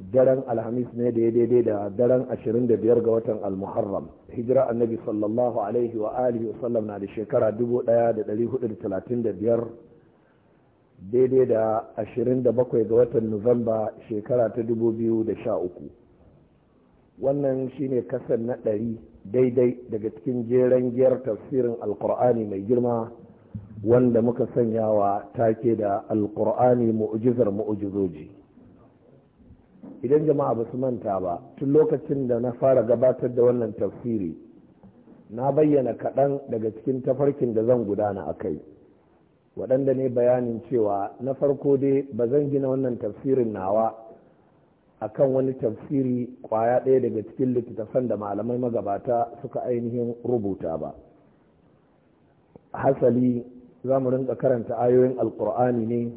daren alhamis ne da ya daidai da daren 25 ga watan almuharram hijira annabi sallallahu alaihi wa alihi wasallam na da shekara 1435 daidai da 27 ga watan nuwamba shekara ta 2013 wannan shine kasar na ɗari daidai daga cikin jeren giyar tafsirin alkur'ani mai girma wanda muka sanya wa take da alkur'ani mu'ujizar mu'ujizoji idan jama'a ba su manta ba tun lokacin da na fara gabatar da wannan tafsiri na bayyana kaɗan daga cikin tafarkin da zan gudana a kai waɗanda ne bayanin cewa na farko dai ba zan gina wannan tafsirin nawa a kan wani tafsiri ƙwaya ɗaya daga cikin littattafan da malamai magabata suka ainihin rubuta ba hasali za mu rinka karanta ayoyin alƙur'ani ne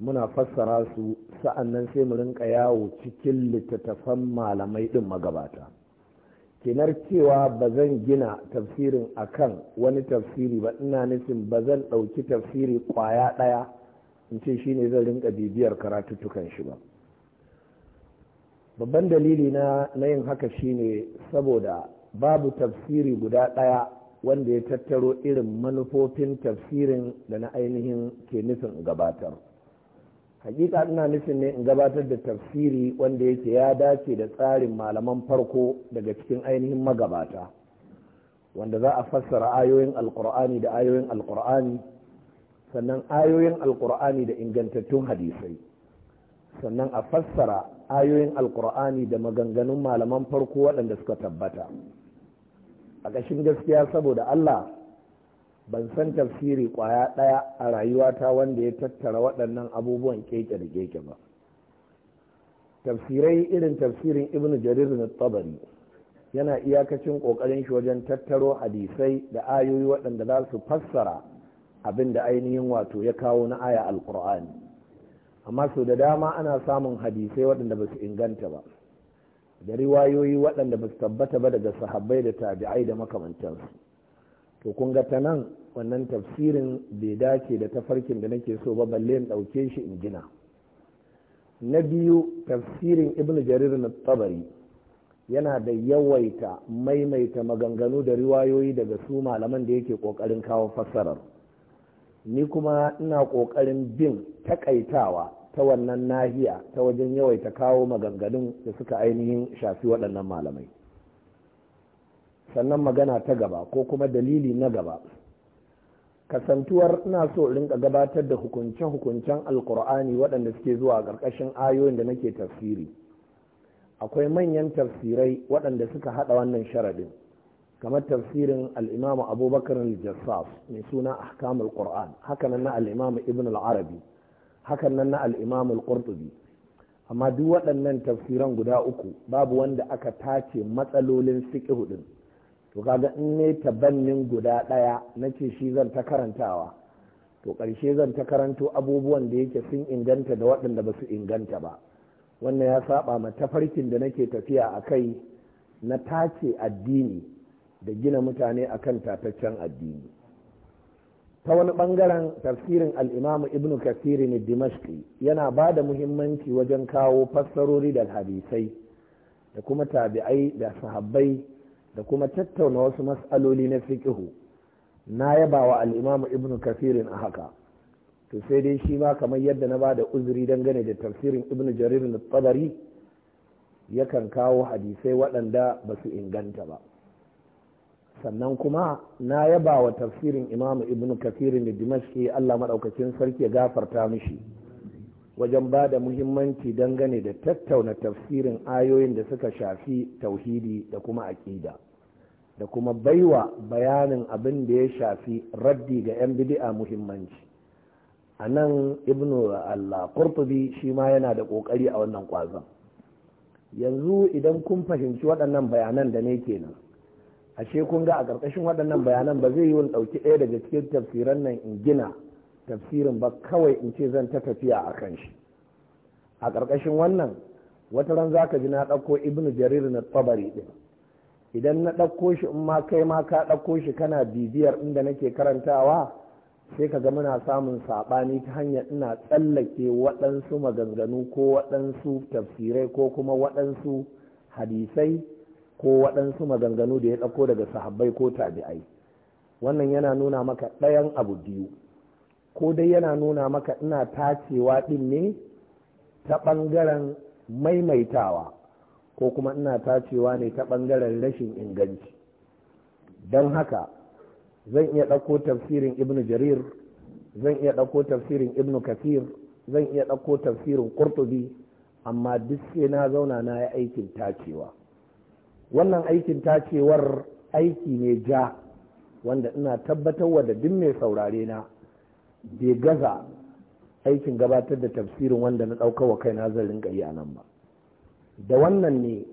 muna fassara su sa'annan sai mu rinka yawo cikin littattafan malamai ɗin magabata kinar cewa ba zan gina tafsirin akan wani tafsiri ba ina nufin ba zan ɗauki tafsiri ƙwaya ɗaya in ce shi ne zan rinka bibiyar karatuttukan shi ba babban dalili na yin haka shi ne saboda babu tafsiri guda ɗaya wanda ya tattaro irin manufofin tafsirin da na ainihin ke nufin gabatar hakika ina nufin ne in gabatar da tafsiri wanda yake ya dace da tsarin malaman farko daga cikin ainihin magabata wanda za a fassara ayoyin alkur'ani da ayoyin alkur'ani sannan ayoyin alkur'ani da ingantattun hadisai sannan a fassara ayoyin alkur'ani da maganganun malaman farko waɗanda suka tabbata a ƙashin gaskiya saboda allah ban san tafsiri kwaya ɗaya a rayuwata wanda ya tattara waɗannan abubuwan keke da keke ba tafsirai irin tafsirin ibnu jarir na tabari yana iyakacin ƙoƙarin shi wajen tattaro hadisai da ayoyi waɗanda za su fassara abin da ainihin wato ya kawo na aya alkur'ani amma sau da dama ana samun hadisai waɗanda ba su inganta ba da riwayoyi waɗanda ba su tabbata ba daga sahabbai da tabi'ai da makamantansu to kun ga ta nan wannan tafsirin bai dace da tafarkin da nake so ba balle in ɗauke shi in gina na biyu tafsirin ibn jarir na tabari yana da yawaita maimaita maganganu da riwayoyi daga su malaman da yake ƙoƙarin kawo fassarar ni kuma ina ƙoƙarin bin takaitawa ta wannan nahiya ta wajen yawaita kawo maganganun da suka ainihin shafi waɗannan malamai sannan magana ta gaba ko kuma dalili na gaba kasantuwar ina so rinka gabatar da hukunce-hukuncen alkur'ani waɗanda suke zuwa a ƙarƙashin ayoyin da nake tafsiri akwai manyan tafsirai waɗanda suka haɗa wannan sharaɗin kamar tafsirin al'imamu abubakar al jassaf mai suna ahkamul qur'an hakanan na al'imamu ibn al-arabi hakanan na al'imamu al-qurtubi amma duk waɗannan tafsiran guda uku babu wanda aka tace matsalolin fiqh din to kaga in ne tabannin guda ɗaya na ce shi zan ta karantawa to ƙarshe zan ta karanto abubuwan da yake sun inganta da waɗanda ba su inganta ba wannan ya saba ma tafarkin da nake tafiya a kai na tace addini da gina mutane akan tataccen addini ta wani ɓangaren tafsirin al'imamu ibn kasiri ne dimashki yana ba da muhimmanci wajen kawo fassarori da hadisai da kuma tabi'ai da sahabbai da kuma tattauna wasu mas'aloli na fiqhu na yaba wa al-imamu ibnu kafirin a haka to sai dai shi ma kamar yadda na bada uzuri dangane da tafsirin Ibn jarir al-tabari yakan kawo hadisai waɗanda ba su inganta ba sannan kuma na yaba wa tafsirin Imam Ibn kafirin da dimashki allah maɗaukacin sarki ya gafarta mishi wajen ba da muhimmanci gane da tattauna tafsirin ayoyin da suka shafi tauhidi da kuma aƙida da kuma baiwa bayanin abin da ya shafi raddi ga 'yan bidi'a muhimmanci a nan ibnu allah kurtubi shi ma yana da ƙoƙari a wannan ƙwazon yanzu idan kun fahimci waɗannan bayanan da ne kenan ashe kun ga a ƙarƙashin waɗannan bayanan ba zai yi wani ɗauki ɗaya daga cikin tafsiran nan in gina tafsirin ba kawai in ce zan ta tafiya a kan shi a ƙarƙashin wannan wata ran za ka ji na ɗauko ibn jarir na tsabari ɗin idan na ɗauko shi in ma kai ma ka ɗauko shi kana bibiyar inda nake karantawa sai ka ga muna samun saɓani ta hanyar ina tsallake waɗansu maganganu ko waɗansu tafsirai ko kuma waɗansu hadisai ko waɗansu maganganu da ya ɗauko daga sahabbai ko tabi'ai wannan yana nuna maka ɗayan abu biyu ko dai yana nuna maka ina tacewa ɗin ne ta ɓangaren maimaitawa ko kuma ina tacewa ne ta ɓangaren rashin inganci don haka zan iya ɗauko tafsirin ibn jarir zan iya ɗauko tafsirin ibn kafir zan iya ɗauko tafsirin ƙurtubi amma duk sai na zauna na yi aikin tacewa wannan aikin tacewar aiki ne ja wanda ina tabbatar da duk mai saurare na bai gaza aikin gabatar da tafsirin wanda na ɗauka wa kai na zan rinka yi a nan ba da wannan ne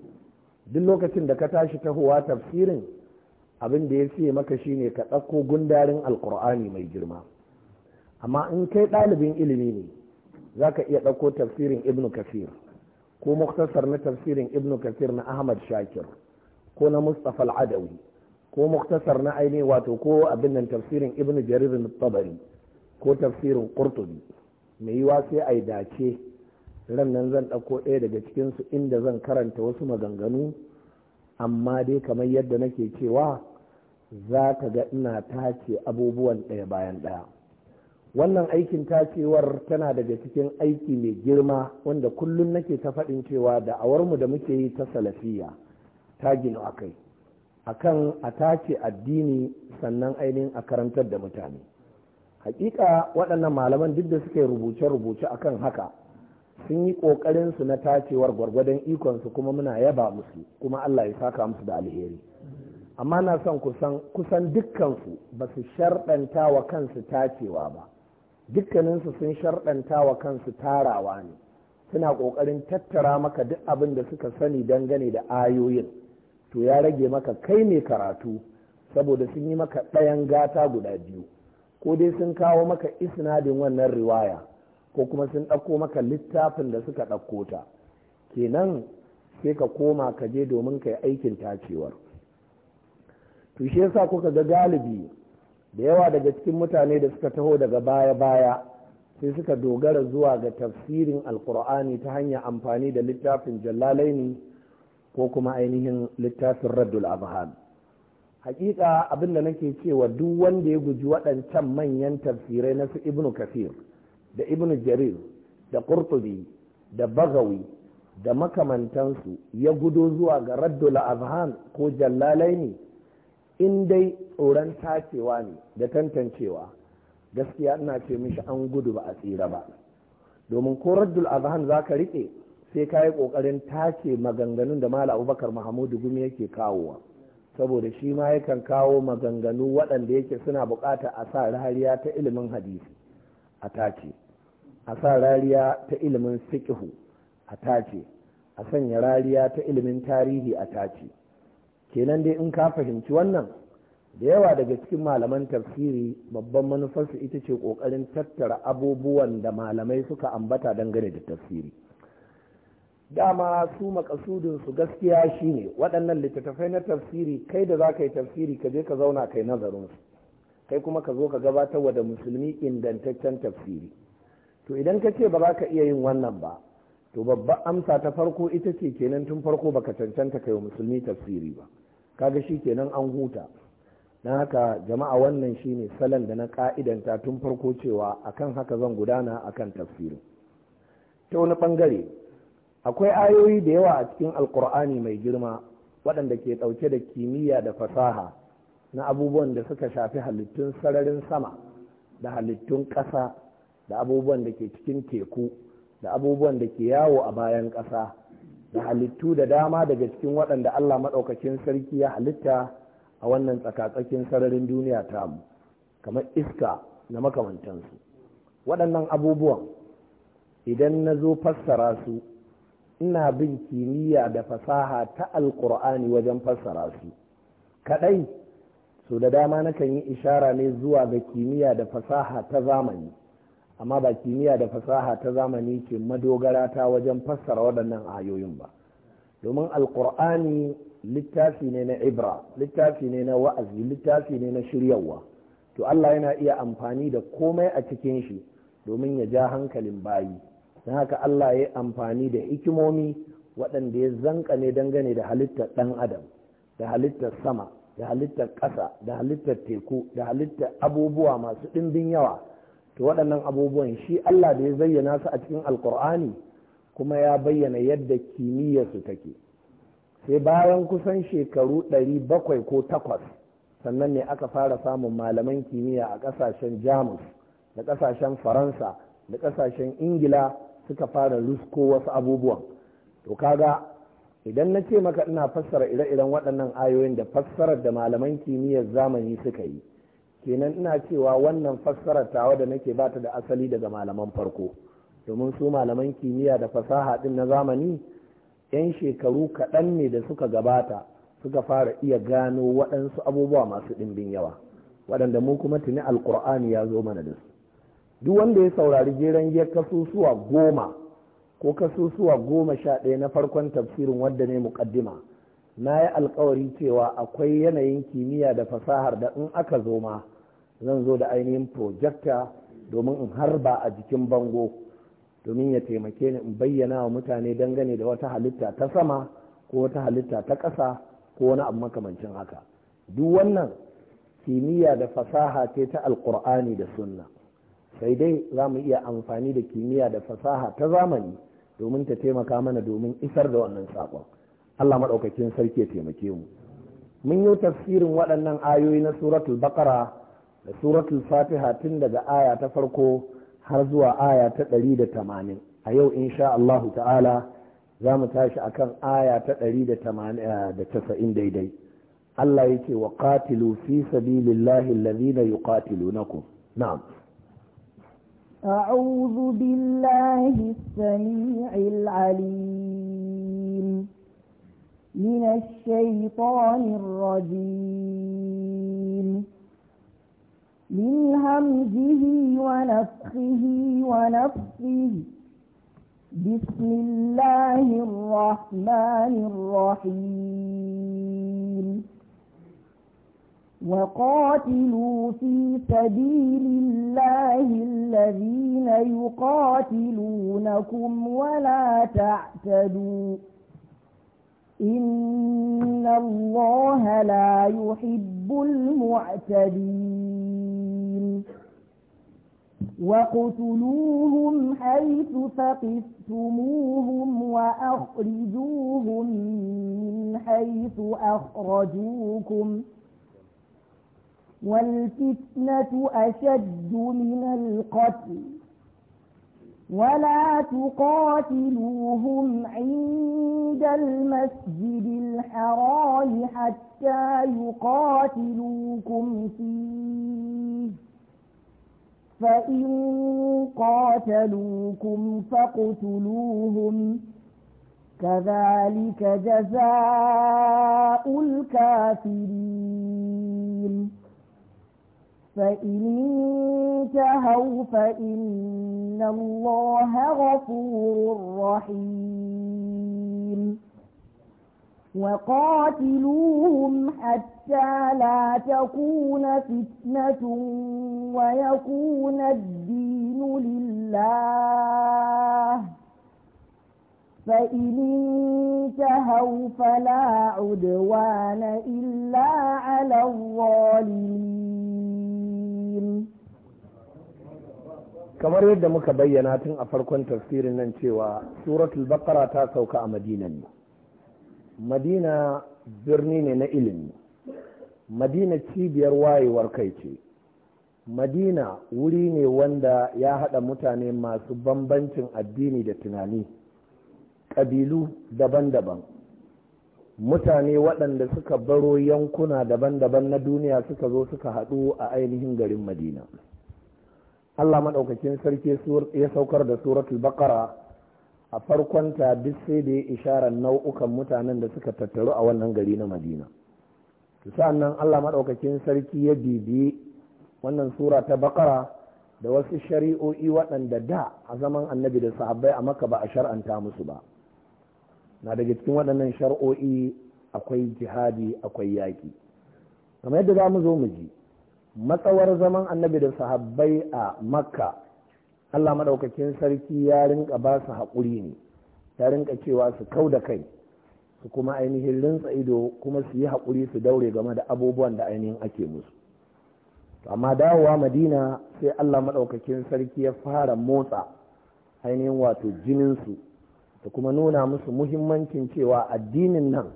duk lokacin da ka tashi tahowa tafsirin abin da ya fiye maka shine ka ɗauko gundarin alkur'ani mai girma amma in kai ɗalibin ilimi ne za ka iya ɗauko tafsirin ibn kafir ko muktasar na tafsirin ibn kafir na ahmad shakir ko na mustapha al'adawi ko muktasar na ainihi wato ko abin nan tafsirin ibn jarir tabari ko tafsirin qurtubi mai yiwa sai a dace ran nan zan ɗauko ɗaya daga cikinsu inda zan karanta wasu maganganu amma dai kamar yadda nake cewa za ka ga ina tace abubuwan ɗaya bayan ɗaya wannan aikin tacewar tana daga cikin aiki mai girma wanda kullum nake ta faɗin cewa da'awarmu da muke yi ta salafiya ta gino a kai akan a tace addini sannan ainihin a karantar da mutane hakika waɗannan malaman duk da suke rubuce-rubuce akan haka sun yi ƙoƙarin su na tacewar gwargwadon ikonsu kuma muna yaba musu kuma Allah ya saka musu da alheri amma na son kusan kusan dukkansu ba su sharɗanta wa kansu tacewa ba dukkaninsu sun sharɗanta wa kansu tarawa ne suna ƙoƙarin tattara maka duk abin da suka sani dangane da ayoyin to ya rage maka kai mai karatu saboda sun yi maka ɗayan gata guda biyu ko dai sun kawo maka isnadin wannan riwaya ko kuma sun ɗauko maka littafin da suka ɗauko ta kenan sai ka koma ka je domin ka yi aikin tacewar to shi yasa kuka ga galibi da yawa daga cikin mutane da suka taho daga baya-baya sai suka dogara zuwa ga tafsirin alkur'ani ta hanyar amfani da littafin jallalaini ko kuma ainihin littafin raddul abhan hakika abin da nake cewa duk wanda ya guji waɗancan manyan tafsirai na su ibnu kafir da ibnu jarir da qurtubi da bagawi da makamantansu ya gudo zuwa ga raddul azhan ko jallalai in dai tsoron tacewa ne da tantancewa gaskiya ina ce mishi an gudu ba a tsira ba domin ko raddul azhan za ka riƙe sai ka yi ƙoƙarin tace maganganun da mala abubakar mahamudu gumi yake kawowa saboda shi ma yakan kawo maganganu waɗanda yake suna buƙata a sa rariya ta ilimin hadisi a tace a sa rariya ta ilimin sikihu, a tace a sanya rariya ta ilimin tarihi a tace kenan dai in ka fahimci wannan da yawa daga cikin malaman tafsiri babban manufarsu ita ce ƙoƙarin tattara abubuwan da malamai suka ambata dangane da tafsiri dama su makasudin su gaskiya shine waɗannan littattafai na tafsiri kai da za ka yi tafsiri ka je ka zauna kai nazarin su kai kuma ka zo ka gabatar wa da musulmi ingantaccen tafsiri to idan ka ce ba za ka iya yin wannan ba to babban amsa ta farko ita ce kenan tun farko baka cancanta kai wa musulmi tafsiri ba kaga shi kenan an huta na haka jama'a wannan shine salon da na ka'idanta tun farko cewa akan haka zan gudana akan tafsirin ta wani bangare akwai ayoyi da yawa a cikin alkur'ani mai girma waɗanda ke ɗauke da kimiyya da fasaha na abubuwan da suka shafi halittun sararin sama da halittun ƙasa da abubuwan da ke cikin teku da abubuwan da ke yawo a bayan ƙasa da halittu da dama daga cikin waɗanda allah maɗaukacin sarki ya halitta a wannan tsakatsakin sararin duniya tamu kamar iska na makamantansu waɗannan abubuwan idan na zo fassara su ina bin kimiyya da fasaha ta alkur'ani wajen fassara su kadai su da dama nakan yi ishara ne zuwa ga kimiyya da fasaha ta zamani amma ba kimiyya da fasaha ta zamani ke madogara ta wajen fassara waɗannan ayoyin ba domin alkur'ani littafi ne na ibra littafi ne na wa'azi littafi ne na shiryawa to allah yana iya amfani da komai a cikin shi domin ya ja hankalin bayi don haka Allah ya yi amfani da hikimomi waɗanda ya zanka don dangane da halittar ɗan adam da halittar sama da halittar ƙasa da halittar teku da halittar abubuwa masu ɗimbin yawa to waɗannan abubuwan shi Allah da ya zayyana su a cikin alkur'ani kuma ya bayyana yadda kimiyyarsu take sai bayan kusan shekaru ɗari bakwai ko takwas sannan ne aka fara samun malaman kimiyya a ƙasashen jamus da ƙasashen faransa da ƙasashen ingila suka fara rusko wasu abubuwan to kaga idan na ce maka ina fassara ire-iren waɗannan ayoyin da fassarar da malaman kimiyyar zamani suka yi kenan ina cewa wannan fassarar tawa da nake bata da asali daga malaman farko domin su malaman kimiyya da fasaha ɗin na zamani 'yan shekaru kaɗan ne da suka gabata suka fara iya gano waɗansu abubuwa masu ɗimbin yawa waɗanda mu kuma tuni alkur'ani ya zo mana da su duk wanda ya saurari jeren ya kasusuwa goma ko kasusuwa goma sha ɗaya na farkon tafsirin wadda ne muƙaddima na yi alkawari cewa akwai yanayin kimiyya da fasahar da in aka zo ma zan zo da ainihin projecta domin in harba a jikin bango domin ya taimake ni in bayyana wa mutane dangane da wata halitta ta sama ko wata halitta ta ƙasa ko wani abu makamancin haka duk wannan kimiyya da fasaha ce ta alkur'ani da sunna sai dai za mu iya amfani da kimiyya da fasaha ta zamani domin ta taimaka mana domin isar da wannan saƙon Allah maɗaukakin sarki ya taimake mu mun yi tafsirin waɗannan ayoyi na suratul bakara da suratul fatiha tun daga aya ta farko har zuwa aya ta ɗari da tamanin a yau insha Allah ta'ala za mu tashi kan aya ta ɗari eh, da casa'in daidai Allah yake wa qatilu fi sabilillahi alladhina yuqatilunakum na'am أعوذ بالله السميع العليم من الشيطان الرجيم من همزه ونفخه ونفخه بسم الله الرحمن الرحيم وقاتلوا في سبيل الله الذين يقاتلونكم ولا تعتدوا إن الله لا يحب المعتدين وَاقْتُلُوهُمْ حَيْثُ ثَقِفْتُمُوهُمْ وَأَخْرِجُوهُمْ مِنْ حَيْثُ أَخْرَجُوكُمْ ۖ والفتنة أشد من القتل ولا تقاتلوهم عند المسجد الحرام حتى يقاتلوكم فيه فإن قاتلوكم فاقتلوهم كذلك جزاء الكافرين فإن انتهوا فإن الله غفور رحيم وقاتلوهم حتى لا تكون فتنة ويكون الدين لله فإن انتهوا فلا عدوان إلا kamar yadda muka bayyana tun a farkon tafsirin nan cewa suratul baqara ta sauka a madina ne madina birni ne na ilimi madina cibiyar wayewar kai ce madina wuri ne wanda ya haɗa mutane masu bambancin addini da tunani ƙabilu daban-daban mutane waɗanda suka baro yankuna daban-daban na duniya suka zo suka haɗu a ainihin garin madina Allah maɗaukakin sarki ya saukar da suratul baqara a farkon ta duk sai da ya isharar nau'ukan mutanen da suka tattaru a wannan gari na Madina sa'an nan Allah maɗaukakin sarki ya bibiye wannan sura ta baqara da wasu shari'o'i waɗanda da a zaman annabi da sahabbai a maka ba a shar'anta musu ba na daga cikin waɗannan shar'o'i akwai jihadi akwai yaƙi kamar yadda za mu zo mu ji matsawar zaman annabi da sahabbai a makka allah maɗaukakin sarki ya rinka ba su haƙuri ne ya rinka cewa su kau da kai su kuma ainihin rinsa ido kuma su yi haƙuri su daure game da abubuwan da ainihin ake musu amma dawowa madina sai allah maɗaukakin sarki ya fara motsa ainihin wato jininsu da kuma nuna musu muhimmancin cewa addinin nan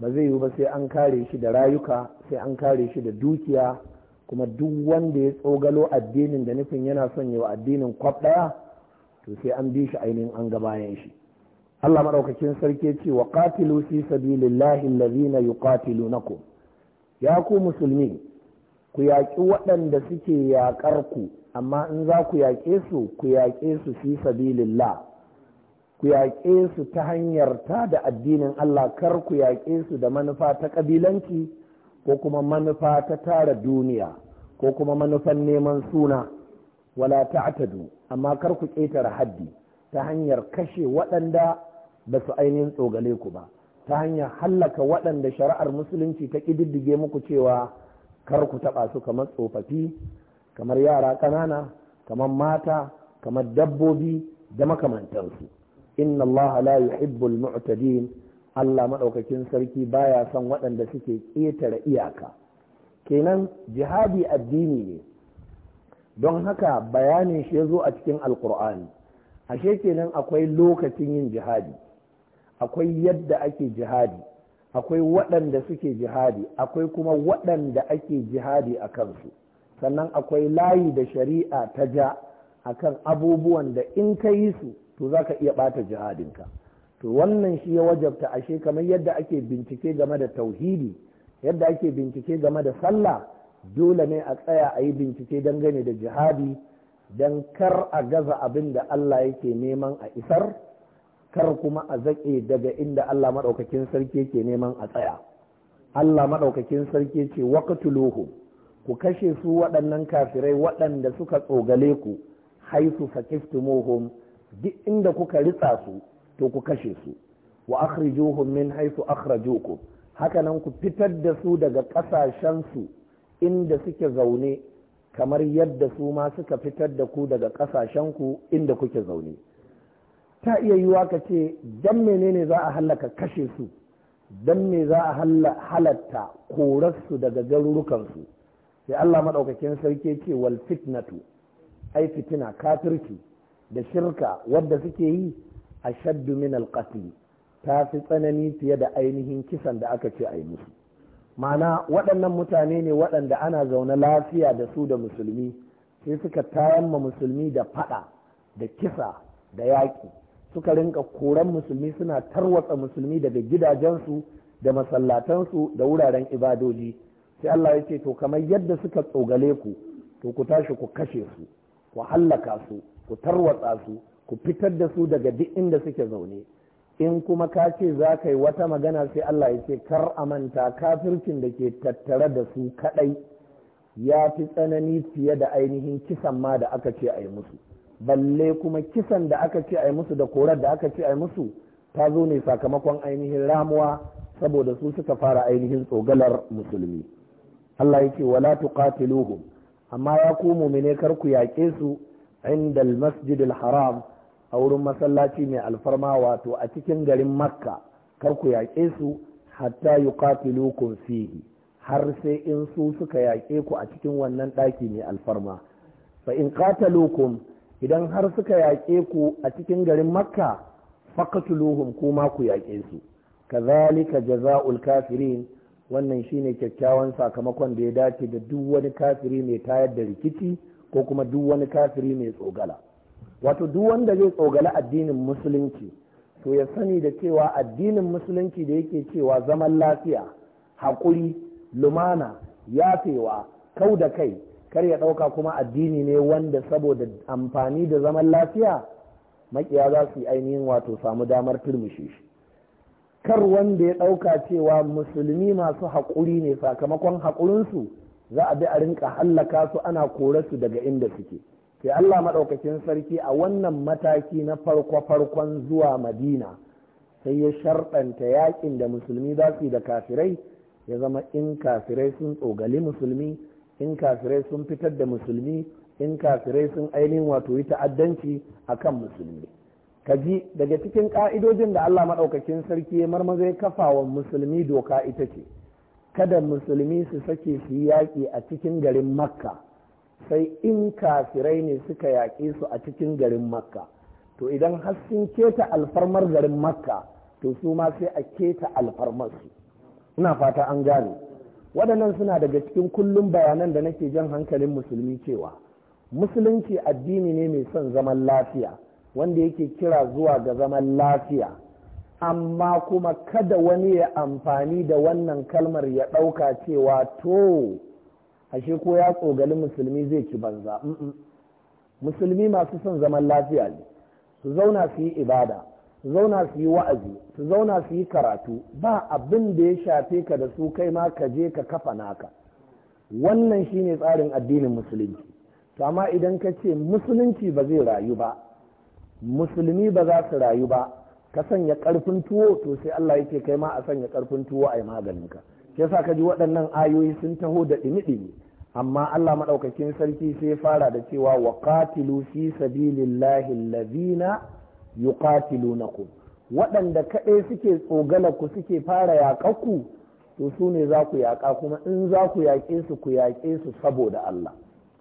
ba zai yiwu ba sai an kare shi da rayuka sai an kare shi da dukiya kuma duk wanda ya tsogalo addinin da nufin yana son yawa addinin kwab ɗaya to sai an bi shi ainihin an ga bayan shi Allah maɗaukakin sarki ce wa qatilu fi sabilillahi allazina yuqatilunakum ya ku musulmi ku yaƙi waɗanda suke yaƙar ku amma in za ku yaƙe su ku yaƙe su fi sabilillah ku yaƙe su ta hanyar ta da addinin Allah kar ku yaƙe su da manufa ta ƙabilanci ko kuma manufa ta tara duniya ko kuma manufan neman suna wala ta'tadu amma kar ku ƙetare haddi ta hanyar kashe waɗanda ba su ainihin tsogale ku ba ta hanyar hallaka waɗanda shari'ar musulunci ta ƙididdige muku cewa kar ku taɓa su kamar tsofaffi kamar yara ƙanana kamar mata kamar dabbobi da makamantansu inna allaha la yuhibbul mu'tadin Allah maɗaukakin sarki baya son waɗanda suke ƙetare iyaka kenan jihadi addini ne don haka bayanin shi ya zo a cikin alkur'ani ashe kenan akwai lokacin yin jihadi akwai yadda ake jihadi akwai waɗanda suke jihadi akwai kuma waɗanda ake jihadi a kansu sannan akwai layi da shari'a ta ja a kan abubuwan da in ka yi su to za ka iya ɓata jihadinka to wannan shi ya wajabta ashe kamar yadda ake bincike game da tauhidi yadda ake bincike game da sallah dole ne a tsaya a yi bincike dangane da jihadi don kar a gaza abin da Allah yake neman a isar kar kuma a zaƙe daga inda Allah maɗaukakin sarki yake neman a tsaya Allah maɗaukakin sarki ce waqtuluhu ku kashe su waɗannan kafirai waɗanda suka tsogale ku haisu fakiftumuhum duk inda kuka ritsa su to ku kashe su wa akhrijuhum min haythu akhrajukum haka nan ku fitar da su daga kasashen su inda suke zaune kamar yadda su ma suka fitar da ku daga kasashen ku inda kuke zaune ta iya yiwa ka ce dan menene za a halaka kashe su dan me za a halatta korarsu daga su sai Allah maɗaukakin sarki ce wal fitnatu ai fitina kafirci da shirka wadda suke yi ashaddu min alqatl ta fi tsanani fiye da ainihin kisan da aka ce a musu ma'ana waɗannan mutane ne waɗanda ana zaune lafiya da su da musulmi sai suka tayan ma musulmi da faɗa da kisa da yaƙi suka rinka koran musulmi suna tarwatsa musulmi daga gidajensu da masallatansu da wuraren ibadoji sai Allah ya ce to kamar yadda suka tsogale ku to ku tashi ku kashe su ku hallaka su ku tarwatsa su ku fitar da su daga duk inda suke zaune in kuma ka ce za ka yi wata magana sai Allah ya ce kar a manta kafircin da ke tattare da su kadai ya fi tsanani fiye da ainihin kisan ma da aka ce a yi musu balle kuma kisan da aka ce a yi musu da korar da aka ce a yi musu ta zo ne sakamakon ainihin ramuwa saboda su suka fara ainihin tsogalar musulmi Allah ya ce wala tuqatiluhum amma ya ku mu'mine kar ku yaƙe su inda al-masjidil haram a wurin masallaci mai alfarma wato a cikin garin makka kar ku yaƙe su hatta yi yuqatilukum fihi har sai in su suka yaƙe ku a cikin wannan ɗaki mai alfarma fa in qatalukum idan har suka yaƙe ku a cikin garin makka faqtuluhum kuma ku yaƙe su ka kazalika jaza'ul kafirin wannan shine kyakkyawan sakamakon da ya dace da duk wani kafiri mai tayar da rikici ko kuma duk wani kafiri mai tsogala wato duk wanda zai tsogale addinin musulunci to ya sani da cewa addinin musulunci da yake cewa zaman lafiya haƙuri lumana yafewa kau da kai kar ya ɗauka kuma addini ne wanda saboda amfani da zaman lafiya makiya za su yi ainihin wato samu damar turmushe shi kar wanda ya ɗauka cewa musulmi masu haƙuri ne sakamakon haƙurinsu za a bi a rinka hallaka su ana kore su daga inda suke sai Allah maɗaukakin sarki a wannan mataki na farko-farkon zuwa madina sai ya sharɗanta yaƙin da musulmi za su yi da kafirai ya zama in kafirai sun tsogali musulmi in kafirai sun fitar da musulmi in kafirai sun ainihin wato yi ta'addanci a kan musulmi kaji daga cikin ƙa'idojin da Allah maɗaukakin sarki ya marmaza ya kafa wa musulmi doka ita ce kada musulmi su sake su yi yaƙi a cikin garin makka sai in kafirai ne suka yaƙe su a cikin garin makka to idan har sun keta alfarmar garin makka to su ma sai a keta alfarmar su ina fata an gane waɗannan suna daga cikin kullum bayanan da nake jan hankalin musulmi cewa musulunci addini ne mai son zaman lafiya wanda yake kira zuwa ga zaman lafiya amma kuma kada wani ya amfani da wannan kalmar ya ɗauka cewa to ashe ko ya tsogali musulmi zai ci banza musulmi masu son zaman lafiya ne su zauna su yi ibada su zauna su yi wa'azi su zauna su yi karatu ba abin da ya shafe ka da su kai ma ka je ka kafa naka wannan shine tsarin addinin musulunci to amma idan ka ce musulunci ba zai rayu ba musulmi ba za su rayu ba ka sanya karfin tuwo to sai Allah yake kai ma a sanya karfin tuwo a yi maganinka ke sa ka ji waɗannan ayoyi sun taho da ɗimi-ɗimi amma Allah maɗaukakin sarki sai fara da cewa wa qatilu fi sabilillahi allazina yuqatilunakum waɗanda kaɗai suke tsogala ku suke fara yaƙa ku, to su ne za ku yaƙa kuma in za ku yaƙe su ku yaƙe su saboda Allah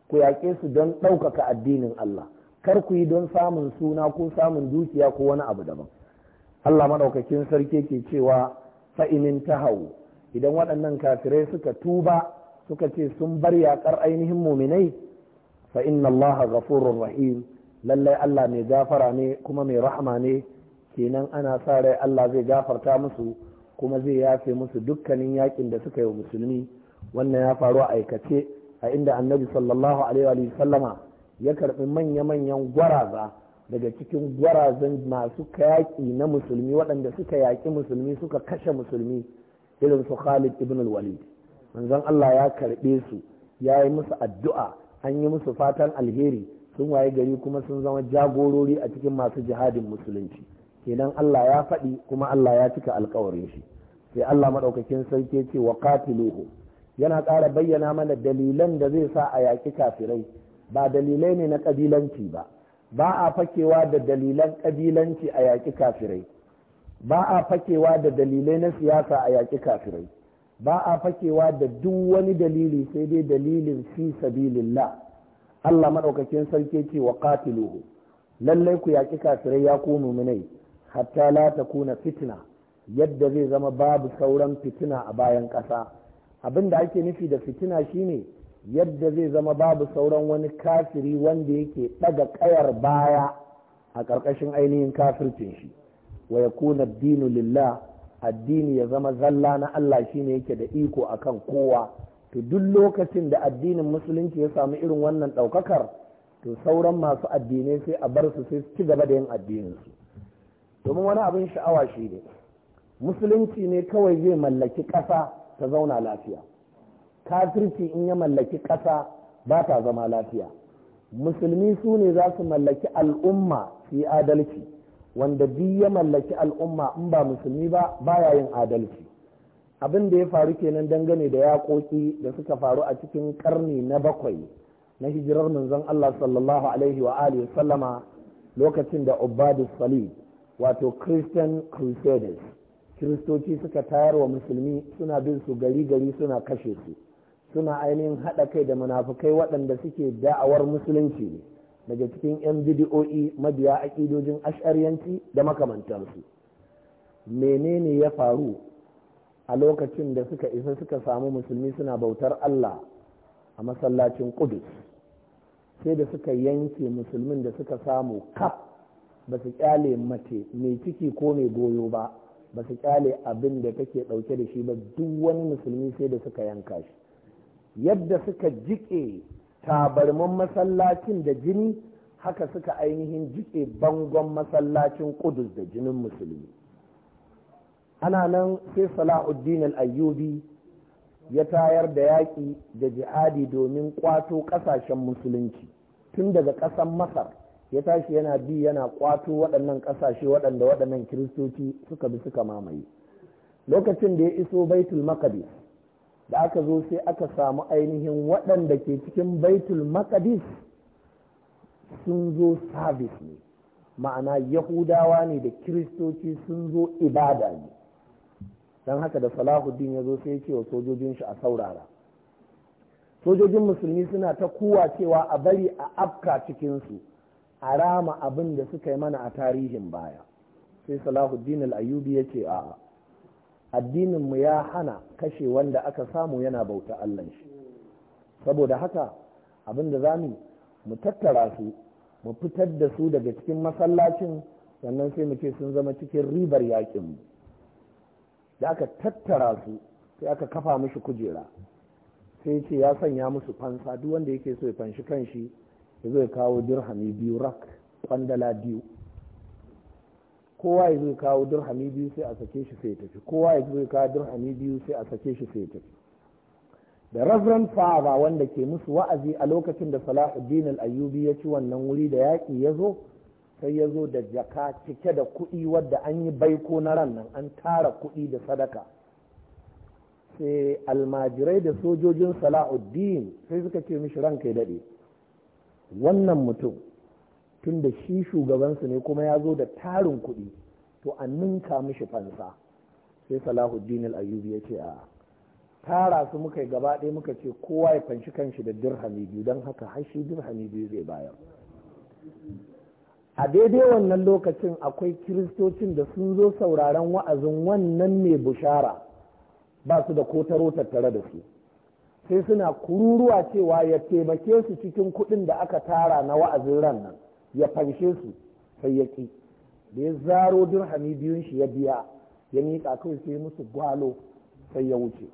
ku yaƙe su don ɗaukaka addinin Allah kar ku yi don samun suna ko samun dukiya ko wani abu daban Allah maɗaukakin sarki ke cewa fa'inin hau idan waɗannan kafirai suka tuba suka ce sun bar yaƙar ainihin muminai fa inna Allah ghafurur rahim lallai Allah mai gafara ne kuma mai rahama ne kenan ana sa rai Allah zai gafarta musu kuma zai yafe musu dukkanin yaƙin da suka yi wa musulmi wannan ya faru a aikace a inda annabi sallallahu alaihi wa sallama ya karbi manya-manyan gwaraza daga cikin gwarazan masu yaƙi na musulmi waɗanda suka yaƙi musulmi suka kashe musulmi irin su Khalid ibn al-Walid manzon Allah ya karbe su ya yi musu addu'a an yi musu fatan alheri sun waye gari kuma sun zama jagorori a cikin masu jihadin musulunci kenan Allah ya faɗi kuma Allah ya cika alkawarin shi sai Allah maɗaukakin sarki ce wa qatiluhu yana ƙara bayyana mana dalilan da zai sa a yaƙi kafirai ba dalilai ne na ƙabilanci ba ba a fakewa da dalilan ƙabilanci a yaƙi kafirai ba a fakewa da dalilai na siyasa a yaƙi kafirai ba a fakewa da duk wani dalili sai dai dalilin fi sabilillah Allah maɗaukakin sarki ce wa qatiluhu lallai ku yaƙi kafirai ya ku muminai hatta la takuna fitina. yadda zai zama babu sauran fitina a bayan ƙasa abin da ake nufi da fitina shine yadda zai zama babu sauran wani kafiri wanda yake ɗaga ƙayar baya a ƙarƙashin ainihin kafircin shi wa yakuna ad-dinu lillah addini ya zama zalla na Allah shine yake da iko akan kowa to duk lokacin da addinin musulunci ya samu irin wannan ɗaukakar to sauran masu addinai sai a bar su sai ci gaba da yin addininsu domin wani abin sha'awa shi ne musulunci ne kawai zai mallaki ƙasa ta zauna lafiya kafirci in ya mallaki ƙasa ba ta zama lafiya musulmi su ne za su mallaki al'umma su yi adalci wanda duk ya mallaki al'umma in ba musulmi ba baya yin adalci abin da ya faru kenan dangane da yaƙoƙi da suka faru a cikin karni na bakwai na hijirar manzon Allah sallallahu alaihi wa alihi sallama lokacin da Ubadus Salih wato Christian Crusaders Kiristoci suka tayar wa musulmi suna bin su gari gari suna kashe su suna ainihin haɗa kai da munafukai waɗanda suke da'awar musulunci ne daga cikin yan bidiyo'i mabiya a aƙidojin ash'ariyanci da makamantarsu menene ya faru a lokacin da suka isa suka samu musulmi suna bautar Allah a masallacin ƙudus sai da suka yanke musulmin da suka samu kaf ba su kyale mace mai ciki ko mai goyo ba ba su kyale abin da take dauke da shi ba duk wani musulmi sai da suka yanka shi yadda suka jiƙe. tabarmin masallacin da jini haka suka ainihin jiƙe bangon masallacin ƙudus da jinin musulmi ana nan sai salahuddin al-ayyubi ya tayar da yaƙi da jihadi domin ƙwato ƙasashen musulunci tun daga ƙasan masar ya tashi yana bi yana ƙwato waɗannan ƙasashe waɗanda waɗannan kiristoci suka bi suka mamaye lokacin da ya iso baitul maqdis da aka zo sai aka samu ainihin waɗanda ke cikin baitul maqdis sun zo service ne ma'ana yahudawa ne da kiristoci sun zo ibada ne don haka da salahuddin ya zo sai ce wa sojojin shi a saurara sojojin musulmi suna ta kuwa cewa a bari a afka cikinsu a rama abin da suka yi mana a tarihin baya sai salahuddin al-ayubi ya ce a'a addinin mu ya hana kashe wanda aka samu yana bauta Allah shi saboda haka abinda da zamu mu tattara su mu fitar da su daga cikin masallacin sannan sai mu ce sun zama cikin ribar yakin mu da aka tattara su sai aka kafa mishi kujera sai ce ya sanya musu fansa duk wanda yake so ya fanshi kanshi ya zo kawo dirhami biyu rak kwandala biyu kowa ya zai kawo dirhami biyu sai a sake shi sai ya tafi kowa ya zai kawo dirhami biyu sai a sake shi sai ya tafi da reverend father wanda ke musu wa'azi a lokacin da salahuddin al-ayyubi ya ci wannan wuri da yaƙi ya zo sai ya zo da jaka cike da kuɗi wadda an yi baiko na ran nan an tara kuɗi da sadaka sai almajirai da sojojin salahuddin sai suka ce mishi ranka ya daɗe wannan mutum Tunda shi shugabansu ne kuma ya zo da tarin kuɗi to a ninka mishi fansa sai salahuddin al-ayyubi ya ce a tara su muka gaba ɗaya muka ce kowa ya fanshi kanshi da dirhami biyu don haka har shi dirhami biyu zai bayar a daidai wannan lokacin akwai kiristocin da sun zo sauraron wa'azin wannan mai bushara ba su da kotaro tattare da su sai suna kururuwa cewa ya taimake su cikin kuɗin da aka tara na wa'azin ran nan ya fanshe su sai ya ƙi da ya zaro dirhami biyun shi ya biya ya miƙa kawai sai musu gwalo sai ya wuce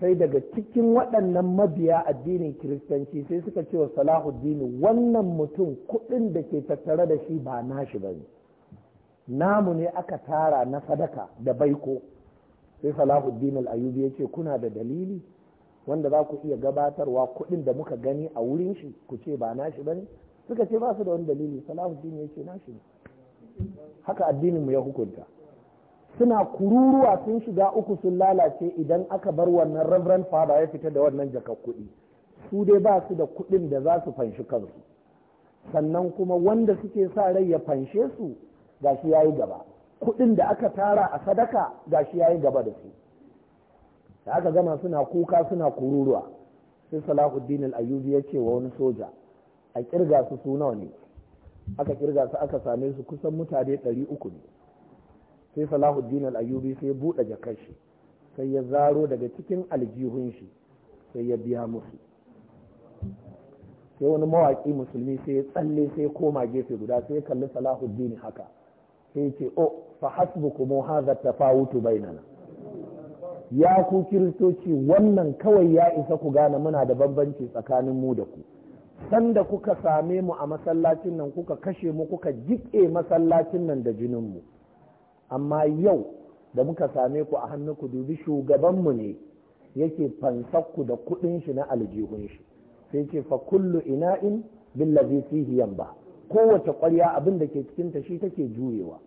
sai daga cikin waɗannan mabiya addinin kiristanci sai suka ce wa salahuddini wannan mutum kuɗin da ke tattare da shi ba nashi ba ne namu ne aka tara na sadaka da baiko sai salahuddin al'ayubi ya ce kuna da dalili wanda za ku iya gabatarwa kuɗin da muka gani a wurin shi ku ce ba nashi ba ne suka ce ba su da wani dalili salamu jini ya ce nashi ne haka addininmu ya hukunta suna kururuwa sun shiga uku sun lalace idan aka bar wannan reverend father ya fita da wannan jakar kuɗi su dai ba su da kuɗin da za su fanshi kansu sannan kuma wanda suke sa rai ya fanshe su gashi ya yi gaba kuɗin da aka tara a sadaka gashi ya yi gaba da su da aka gama suna kuka suna kururuwa sai salahuddin al-ayyubi ya ce wa wani soja a kirga su su ne aka kirga su aka same su kusan mutane ɗari uku ne sai salahuddin al-ayyubi sai buɗe jakar shi sai ya zaro daga cikin aljihun shi sai ya biya musu sai wani mawaƙi musulmi sai ya tsalle sai koma gefe guda sai ya kalli salahuddin haka sai ya ce o oh, fa hasbukum hadha tafawutu bainana ya ku kiristoci wannan kawai ya isa ku gane muna da bambanci tsakanin mu da ku sanda kuka same mu a masallacin nan kuka kashe mu kuka jiƙe masallacin nan da jinin mu amma yau da muka same ku a hannu ku dubi shugaban mu ne yake ku da kuɗin shi na aljihun shi sai ce fa kullu ina'in billazi fihi yamba kowace ƙwarya abin da ke cikin ta shi take juyewa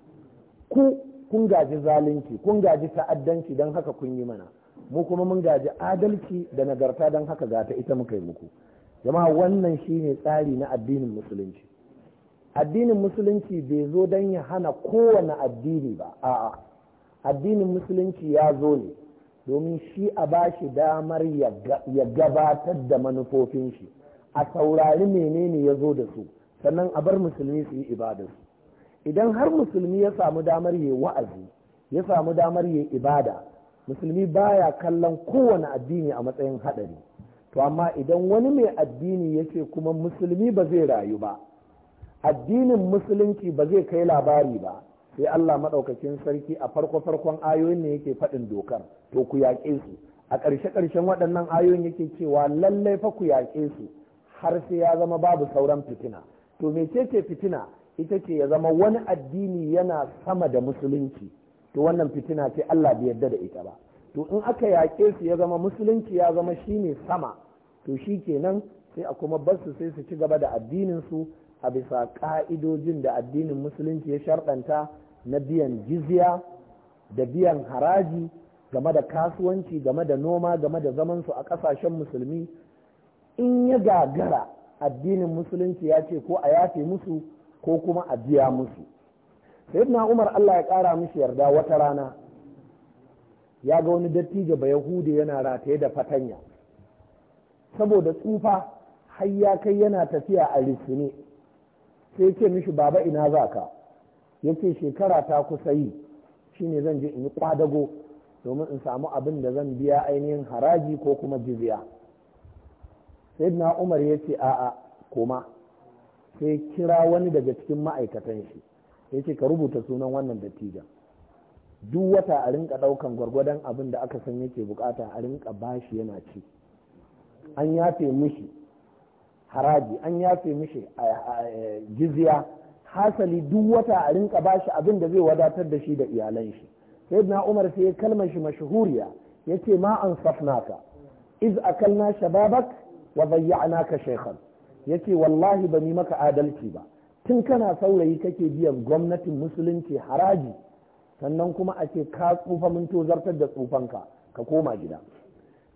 ku kun gaji zalunci kun gaji ta'addanci don haka kun yi mana mu kuma mun gaji adalci da nagarta don haka ta ita muka yi muku jama'a wannan shine tsari na addinin musulunci addinin musulunci bai zo don ya hana kowane addini ba a'a addinin musulunci ya zo ne domin shi a ba shi damar ya gabatar da manufofin shi a saurari menene ya zo da su sannan a bar musulmi su yi ibadarsu idan har musulmi ya samu damar yi wa'azi ya samu damar yi ibada musulmi baya kallon kowane addini a matsayin haɗari. to amma idan wani mai addini yace kuma musulmi ba zai rayu ba addinin musulunci ba zai kai labari ba sai Allah maɗaukakin sarki a farko farkon ayoyin ne yake faɗin dokar to ku yaƙe su a ƙarshe ƙarshen waɗannan ayoyin yake cewa lallai fa ku yaƙe su har sai ya zama babu sauran fitina to ce fitina ita ce ya zama wani addini yana sama da musulunci to wannan fitina ce Allah bai yarda da ita ba to in aka yaƙe su ya zama musulunci ya zama shine sama to shi kenan sai a kuma basu sai su ci gaba da addinin su a bisa ka'idojin da addinin musulunci ya sharɗanta na biyan jizya da biyan haraji game da kasuwanci game da noma game da zaman su a ƙasashen musulmi in ya gagara addinin musulunci ya ce ko a yafe musu ko kuma a biya musu na umar allah ya kara mishi yarda wata rana ya ga wani dattijo ba yahudi yana rataye da fatanya saboda tsufa har ya kai yana tafiya a risini sai ce mishi baba ina za ka ya shekara ta kusa yi shine zan je in yi kwadago domin in samu abin da zan biya ainihin haraji ko kuma jizya na umar ya ce a'a koma sai kira wani daga cikin ma'aikatan shi ya ce ka rubuta sunan wannan dattijan duk wata a rinka ɗaukan gwargwadon abin da aka san yake bukata a rinka bashi yana ci an yafe mishi haraji an yafe mishi jizya hasali duk wata a rinka bashi abin da zai wadatar da shi da iyalan shi sai na umar sai kalmar shi mashahuriya yace ma an safnaka iz akalna shababak wa ka shaykhan yace wallahi ba ni maka adalci ba tun kana saurayi kake biyan gwamnatin musulunci haraji sannan kuma a ce ka tsufa mun tozartar da tsufanka ka koma gida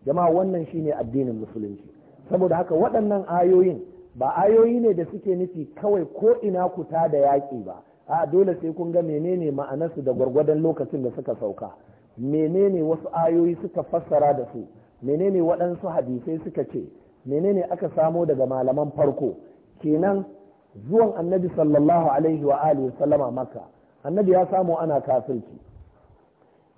jama'a wannan shine addinin musulunci saboda haka waɗannan ayoyin ba ayoyi ne da suke nufi kawai ko ina ku ta da yaƙi ba a dole sai kun ga menene ma'anarsu da gwargwadon lokacin da suka sauka menene wasu ayoyi suka fassara da su menene waɗansu hadisai suka ce menene aka samo daga malaman farko kenan zuwan annabi sallallahu alaihi wa alihi sallama makka annabi ya samu ana kafirci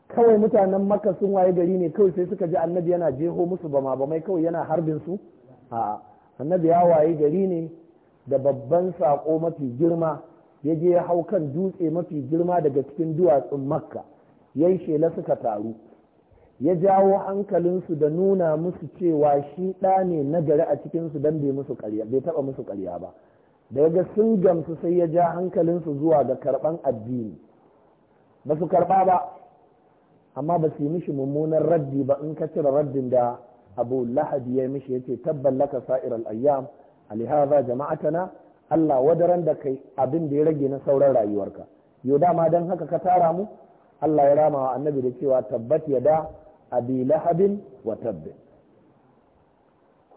kawai mutanen makka sun waye gari ne kawai sai suka ji annabi yana jeho musu bama bamai kawai yana harbin su a annabi ya waye gari ne da babban sako mafi girma ya je ya hau kan dutse mafi girma daga cikin duwatsun makka yayi shela suka taru ya jawo hankalinsu da nuna musu cewa shi ɗa ne na gari a cikinsu don bai bai taɓa musu ƙarya ba da ya ga sun gamsu sai ya ja hankalinsu zuwa ga karɓan addini ba su karɓa ba amma ba su yi mishi mummunan raddi ba in ka cire raddin da abu lahadi ya yi mishi ya ce tabban laka sa'ir al'ayyam alihaza jama'atana allah wadaran da kai abin da ya rage na sauran rayuwarka yau dama don haka ka tara mu allah ya rama wa annabi da cewa tabbat ya da abi lahabin wa tabbi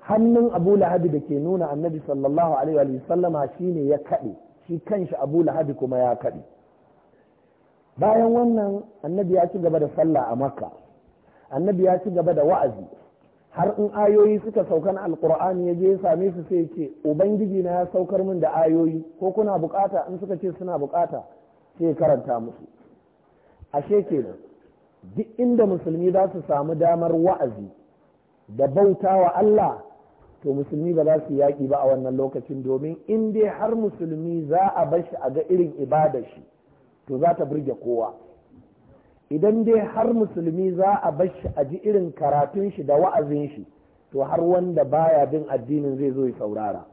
hannun abu lahabi da ke nuna annabi sallallahu alaihi wa sallama shine ya kaɗe shi kanshi abu lahabi kuma ya kaɗe bayan wannan annabi ya ci gaba da sallah a makka annabi ya ci gaba da wa'azi har in ayoyi suka saukan alkur'ani ya je ya same su sai ce ubangiji na ya saukar min da ayoyi ko kuna bukata in suka ce suna bukata sai karanta musu ashe kenan duk inda musulmi za su samu damar wa'azi da bauta wa Allah to musulmi ba za su yaƙi ba a wannan lokacin domin in dai har musulmi za a bar shi a ga irin ibada shi to za ta burge kowa idan dai har musulmi za a bar shi a ji irin karatun shi da wa'azin shi to har wanda baya bin addinin zai zo ya saurara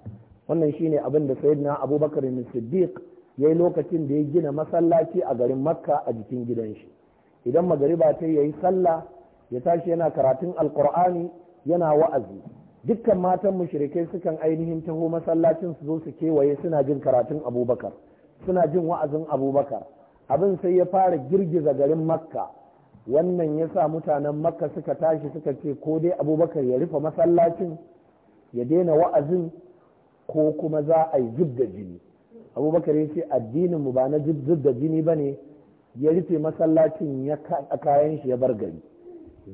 wannan shine abin da sayyidina abubakar siddiq ya yi lokacin da ya gina masallaci a garin makka a jikin gidan shi idan magariba ta yi sallah ya tashi yana karatun Alkur'ani, yana wa'azi dukkan matan mushrikai sukan ainihin taho masallacin su zo su kewaye suna jin karatun abubakar suna jin wa'azin abubakar abin sai ya fara girgiza garin makka wannan ya sa mutanen makka suka tashi suka ce ko dai abubakar ya rufe masallacin ya daina wa'azin ko kuma za a yi zub da jini abubakar ya ce addinin mu ba na zub da jini ba ne ya rufe masallacin ya kayan shi ya bar gari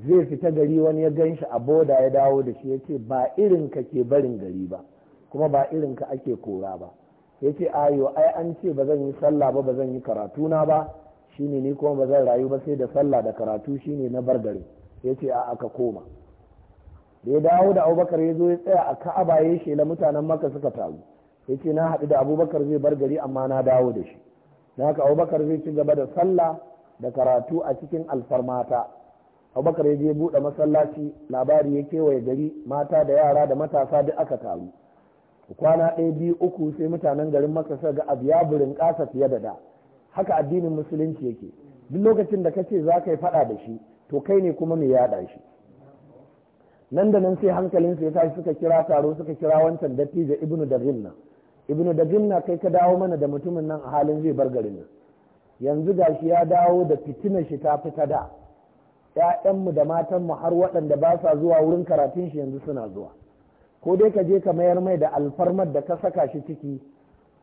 zai fita gari wani ya gan shi a boda ya dawo da shi ya ce ba irin ka ke barin gari ba kuma ba irin ka ake kora ba ya ce ayo ai an ce ba zan yi sallah ba ba zan yi karatu na ba shine ni kuma ba zan rayu ba sai da sallah da karatu shine na bar gari ya ce a aka koma da ya dawo da abubakar ya zo ya tsaya a ka'aba ya shela mutanen maka suka taru ya ce na haɗu da abubakar zai bar gari amma na dawo da shi da haka abubakar zai ci gaba da sallah da karatu a cikin alfarmata abubakar ya je buɗe masallaci labari ya kewaye gari mata da yara da matasa duk aka taru kwana ɗaya biyu uku sai mutanen garin maka suka ga abu ya burin ƙasa fiye da da haka addinin musulunci yake duk lokacin da kace za ka yi faɗa da shi to kai ne kuma mai yaɗa shi nan da nan sai hankalinsu ya tashi suka kira taro suka kira wancan dattijo ibnu da rinna ibnu da kai ka dawo mana da mutumin nan a halin zai bar garin nan yanzu shi ya dawo da fitinar shi ta fita da ‘ya'yanmu da matanmu har waɗanda ba sa zuwa wurin karatun shi yanzu suna zuwa ko dai ka je ka mayar mai da alfarmar da ka saka shi ciki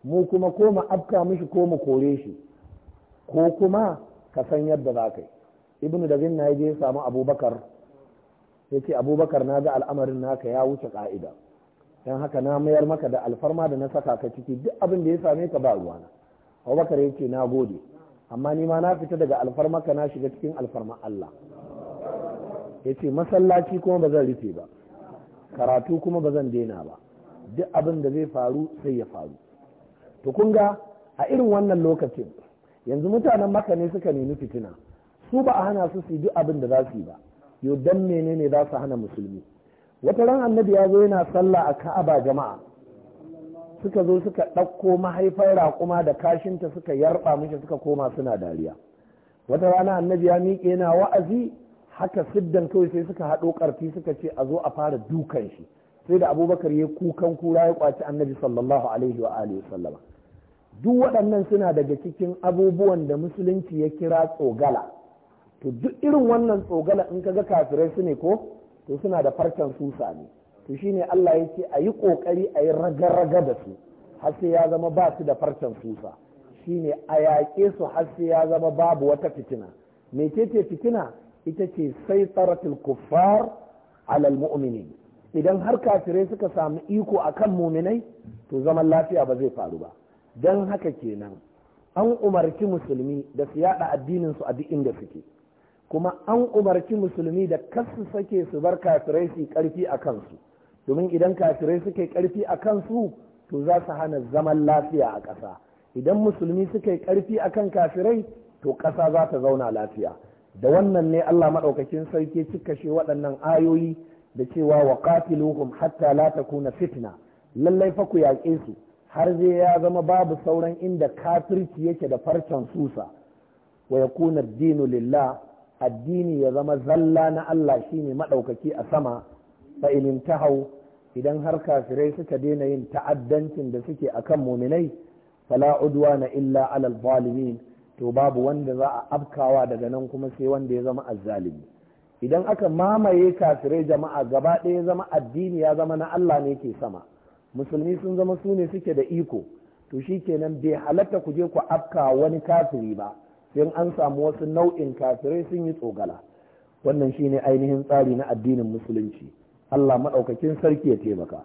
mu kuma ko mu afka mishi ko mu kore shi ko kuma ka san yadda za ka yi ibnu da ginna ya je samu abubakar ya ce abubakar na ga al'amarin naka ya wuce ka'ida don haka na mayar maka da alfarma da na saka ka ciki duk abin da ya same ka ba ruwana abubakar ya ce na gode amma ni ma na fita daga alfarma ka na shiga cikin alfarma Allah ya ce masallaci kuma ba zan rufe ba karatu kuma ba zan daina ba duk abin da zai faru sai ya faru to kun ga a irin wannan lokacin yanzu mutanen maka ne suka nemi fitina su ba a hana su su yi duk abin da za su yi ba yau dan menene za su hana musulmi wata ran annabi ya zo yana sallah a ka'aba jama'a suka zo suka ɗauko mahaifar raƙuma da kashinta suka yarɓa mishi suka koma suna dariya wata rana annabi ya miƙe yana wa'azi haka siddan kawai sai suka haɗo ƙarfi suka ce a zo a fara dukan shi sai da abubakar ya kukan kura ya kwaci annabi sallallahu alaihi wa alihi sallama duk waɗannan suna daga cikin abubuwan da musulunci ya kira tsogala to duk irin wannan tsogala in kaga kafirai su ne ko to suna da farcen susa ne to shine Allah ya ce a yi ƙoƙari a yi raga-raga da su har ya zama ba su da farcen susa shine a yaƙe su har ya zama babu wata fitina me ce fitina ita ce sai tsaratul kuffar alal mu'mini idan har kafirai suka samu iko akan muminai to zaman lafiya ba zai faru ba don haka kenan an umarci musulmi da su yada addinin su a duk inda suke kuma an umarci musulmi da kasu sake su bar kafirai su ƙarfi a kansu domin idan kafirai suke karfi a kansu to za su hana zaman lafiya a ƙasa idan musulmi suke ƙarfi a kan kafirai to ƙasa za ta zauna lafiya da wannan ne Allah maɗaukakin sarki cikashe waɗannan ayoyi da cewa wa qatiluhum hatta la takuna fitna lallai fa ku yaƙe su har zai ya zama babu sauran inda kafirci yake da farcen susa wa yakuna dinu lillah addini ya zama zalla na Allah shi ne maɗaukaki a sama fa ta hau idan har kafirai suka daina yin ta'addancin da suke a kan muminai fala na illa alal zalimin to babu wanda za a afkawa daga nan kuma sai wanda ya zama azzalimi idan aka mamaye kafirai jama'a gaba ɗaya zama addini ya zama na Allah ne ke sama musulmi sun zama su ne suke da iko to shi kenan bai halatta ku je ku afka wani kafiri ba in an samu wasu nau'in kafirai sun yi tsogala wannan shi ne ainihin tsari na addinin musulunci Allah maɗaukakin sarki ya taimaka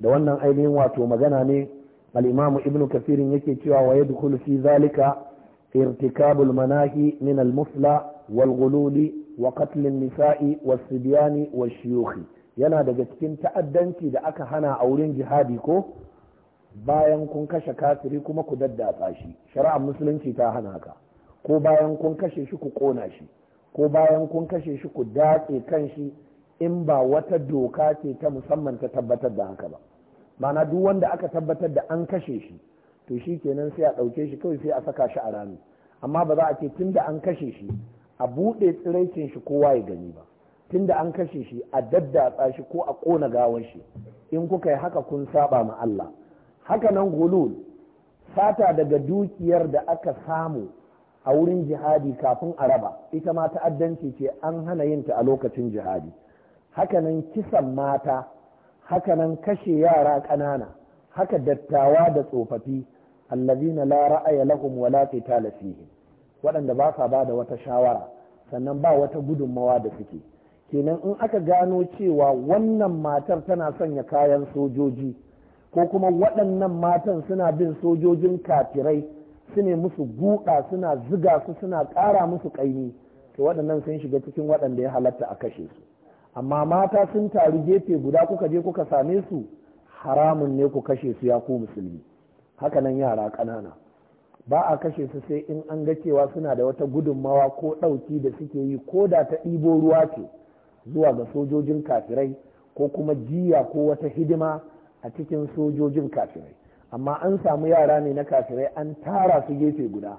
da wannan ainihin wato magana ne al Ibn ibnu kafirin yake cewa wa yadkhulu fi zalika irtikabul manahi min al-mufla wal ghululi wa katlin nisai wa sibiyani wa yana daga cikin ta'addanci da aka hana a wurin jihadi ko bayan kun kashe kafiri kuma ku daddatsa shi shari'ar musulunci ta hana haka ko bayan kun kashe shi ku kona shi ko bayan kun kashe shi ku datse kan shi in ba wata doka ce ta musamman ta tabbatar da haka ba mana duk wanda aka tabbatar da an kashe shi to shi kenan sai a ɗauke shi kawai sai a saka shi a rami amma ba za a ce tun da an kashe shi a buɗe tsiraicin shi kowa ya gani ba Tun da an kashe shi a daddatsa shi ko a ƙona gawar shi in kuka yi haka kun saba ma Allah hakanan gulul sata daga dukiyar da aka samu a wurin jihadi kafin a raba ita ma ta'addanci ce an hana yin ta a lokacin jihadi hakanan kisan mata hakanan kashe yara ƙanana haka dattawa da tsofaffi allazina la ra'aya lahum wa la qitala fihi waɗanda ba sa bada wata shawara sannan ba wata gudunmawa da suke kenan in aka gano cewa wannan matar tana sanya kayan sojoji ko kuma waɗannan matan suna bin sojojin kafirai su ne musu guka suna ziga su suna ƙara musu ƙaimi to waɗannan sun shiga cikin waɗanda ya halatta a kashe su amma mata sun taru gefe guda kuka je kuka same su haramun ne ku kashe su ya ku musulmi nan yara ƙanana ba a kashe su sai in an ga cewa suna da wata gudunmawa ko ɗauki da suke yi ko da ta ɗibo ruwa ce zuwa ga sojojin kafirai ko kuma jiya ko wata hidima a cikin sojojin kafirai amma an samu yara ne na kafirai an tara su gefe guda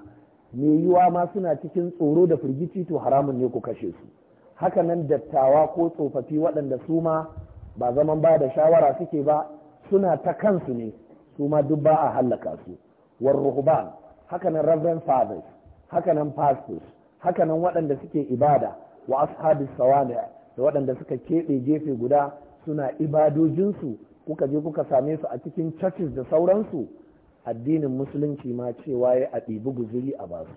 me yiwa ma suna cikin tsoro da firgici to haramun ne ku kashe su hakanan dattawa ko tsofaffi waɗanda su ma ba zaman ba da shawara suke ba suna ta kansu ne su ma duk ba a hallaka su war ruhban hakanan reverend fathers hakanan pastors hakanan waɗanda suke ibada wa ashabis sawada da waɗanda suka keɓe gefe guda suna ibadojinsu kuka je kuka same su a cikin churches da sauransu addinin musulunci ma cewa ya a ɗibi guzuri a basu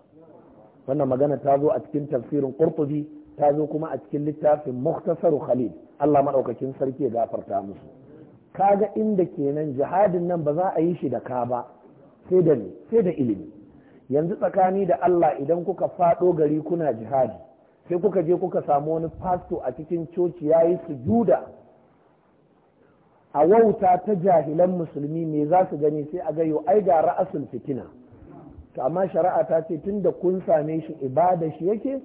wannan magana ta zo a cikin tafsirin qurtubi ta zo kuma a cikin littafin muktasaru khalil Allah maɗaukakin sarki ya gafarta musu kaga inda kenan jihadin nan ba za a yi shi da ka ba sai da ni, sai da ilimi yanzu tsakani da Allah idan kuka faɗo gari kuna jihadi sai kuka je kuka samu wani fasto a cikin coci ya yi sujuda a wauta ta jahilan musulmi me za su gani sai a gayo ai ga ra'asul fitina to amma shari'a ta ce tunda kun same shi ibada shi yake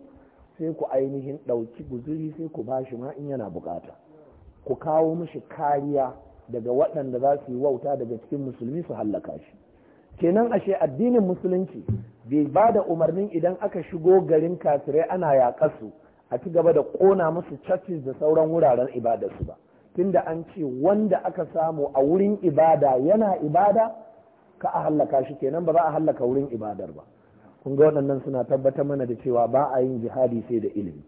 sai ku ainihin ɗauki guzuri sai ku ba shi ma in yana bukata ku kawo mishi kariya daga waɗanda za su yi wauta daga cikin musulmi su hallaka shi kenan ashe addinin musulunci bai ba da umarnin idan aka shigo garin kafirai ana yaƙasu a ci gaba da ƙona musu churches da sauran wuraren ibadarsu ba tunda an ce wanda aka samu a wurin ibada yana ibada ka a hallaka shi kenan ba za a hallaka wurin ibadar ba kun ga waɗannan suna tabbatar mana da cewa ba a yin jihadi sai da ilimi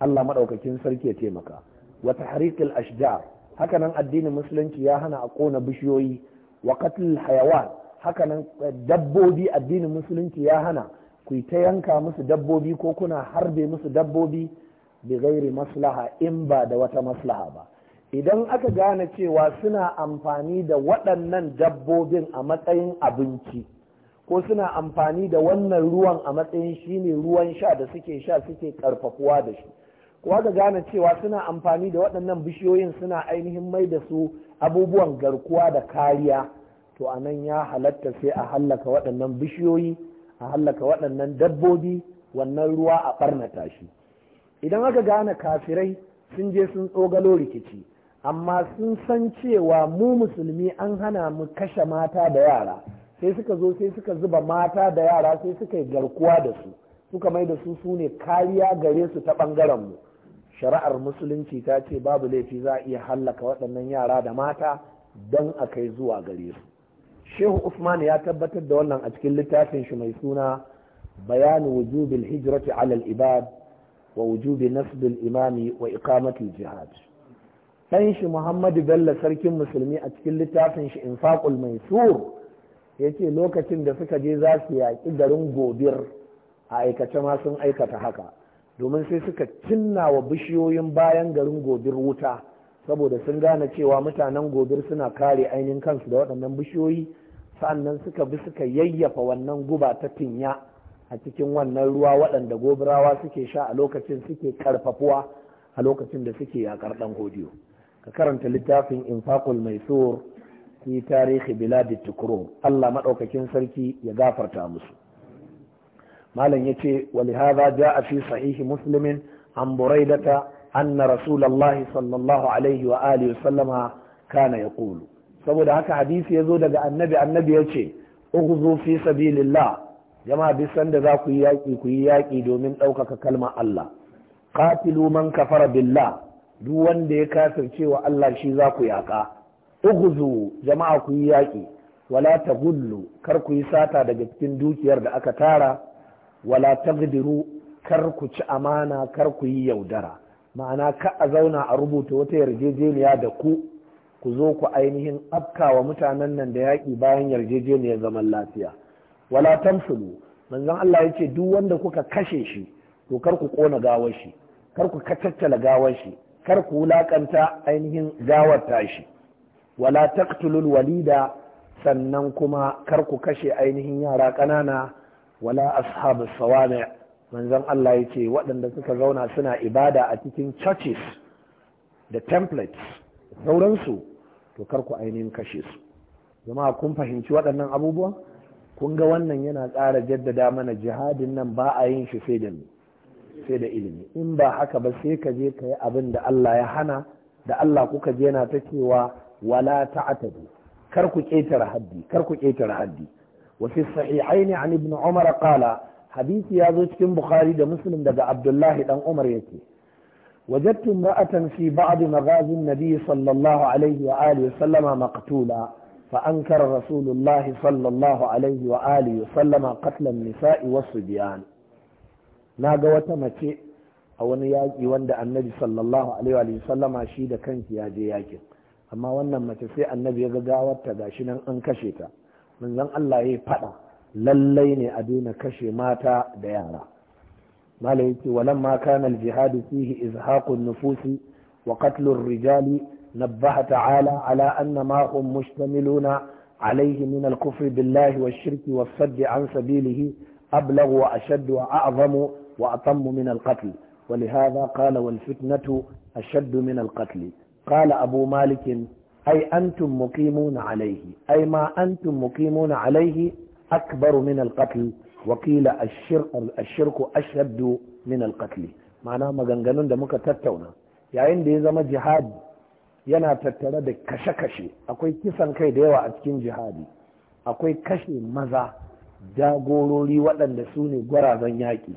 Allah maɗaukakin sarki ya taimaka wa tahriqil ashjar hakanan addinin musulunci ya hana a kona bishiyoyi wa qatl hayawan haka dabbobi addinin musulunci ya hana ku ta yanka musu dabbobi ko kuna harbe musu dabbobi bi ghairi maslaha in ba da wata maslaha ba idan aka gane cewa suna amfani da waɗannan dabbobin a matsayin abinci ko suna amfani da wannan ruwan a matsayin shi ne ruwan sha da suke sha suke karfafuwa da shi ko aka gane cewa suna amfani da waɗannan bishiyoyin suna ainihin mai da su abubuwan garkuwa da kariya to a nan ya halatta sai a hallaka waɗannan bishiyoyi a hallaka waɗannan dabbobi wannan ruwa a ɓarnata shi idan aka gane kafirai sun je sun tsogalo rikici amma sun san cewa mu musulmi an hana mu kashe mata da yara sai suka zo sai suka zuba mata da yara sai suka yi garkuwa da su suka mai da su su ne kariya gare su ta ɓangaren mu shari'ar musulunci ta ce babu laifi za a iya hallaka waɗannan yara da mata don a kai zuwa gare su shehu usman ya tabbatar da wannan a cikin littafin shi mai suna bayanu wujubil hijrati alal ibad wa wujubi nasbil imami wa iqamatil jihad ɗan shi Muhammadu Bello sarkin musulmi a cikin littafin shi Infaqul ya ce lokacin da suka je za su yaƙi garin Gobir a aikace ma sun aikata haka domin sai suka cinna wa bishiyoyin bayan garin Gobir wuta saboda sun gane cewa mutanen Gobir suna kare ainihin kansu da waɗannan bishiyoyi sannan suka bi suka yayyafa wannan guba ta tinya a cikin wannan ruwa waɗanda gobirawa suke sha a lokacin suke ƙarfafuwa a lokacin da suke yaƙar ɗan hodiyo. ka karanta littafin infaqul maisur fi tarihi biladi tukuru Allah madaukakin sarki ya gafarta musu malam yace ولهذا جاء في صحيح مسلم عن بريدة أن رسول الله sallallahu alaihi wa وآله وسلم كان يقول saboda haka hadisi ya zo daga annabi annabi ya ce ughzu fi sabilillah jama'a duk da za ku yi yaƙi ku yi yaƙi domin ɗaukaka kalmar Allah qatilu man kafara billah duk wanda ya kafirce cewa Allah shi za ku yaƙa ughzu jama'a ku yi yaƙi wala ta tagullu kar ku yi sata daga cikin dukiyar da aka tara wala tagdiru kar ku ci amana kar ku yi yaudara ma'ana ka a zauna a rubuta wata yarjejeniya da ku ku zo ku ainihin afkawa mutanen nan da yaƙi bayan yarjejeniyar zaman lafiya wala tamsulu manzon Allah ya ce duk wanda kuka kashe shi to kar ku kona gawar shi kar ku kacaccala gawar shi kar ku wulakanta ainihin gawar tashi wala taqtulul walida sannan kuma kar ku kashe ainihin yara ƙanana wala ashabus sawami manzon Allah yace waɗanda suka zauna suna ibada a cikin churches da templates sauransu to kar ku ainihin kashe su jama'a kun fahimci waɗannan abubuwan kun ga wannan yana tsara jaddada mana jihadin nan ba a yin shi sai da mu sai da ilimi in ba haka ba sai ka je ka yi abin da Allah ya hana da Allah kuka je na ta cewa wala ta'tadu kar ku ƙetare haddi kar ku ƙetare haddi wa fi sahihaini an ibn umar qala hadisi ya zo cikin bukhari da muslim daga abdullahi dan umar yake وجدت امرأة في بعض مغازي النبي صلى الله عليه وآله وسلم مقتولة فأنكر رسول الله صلى الله عليه وآله وسلم قتل النساء والصبيان na ga wata mace a wani yaƙi wanda annabi sallallahu alaihi wa sallama shi da kanki ya je yakin amma wannan mace sai annabi ya ga gawarta gashi nan an kashe ta manzon Allah ya faɗa lallai ne a daina kashe mata da yara malai yake walan ma kana al-jihad fihi izhaqun nufus wa qatl ar-rijal ta'ala ala anna ma hum تعالى alayhi min al-kufr billahi wash من الكفر sadd an sabilihi ablagh wa أبلغ wa وأعظم وأطم من القتل ولهذا قال والفتنة أشد من القتل قال أبو مالك أي أنتم مقيمون عليه أي ما أنتم مقيمون عليه أكبر من القتل وقيل الشرك, الشرك اشد من القتل معناه ما قنقلون دمك تتونا يعين دي زم جهاد ينا تتردد كشكشي أ ك كيفا كي ديوى اتكين جهادي أ ك كشي مذا جاغولولي و ل ا ن د ذنياكي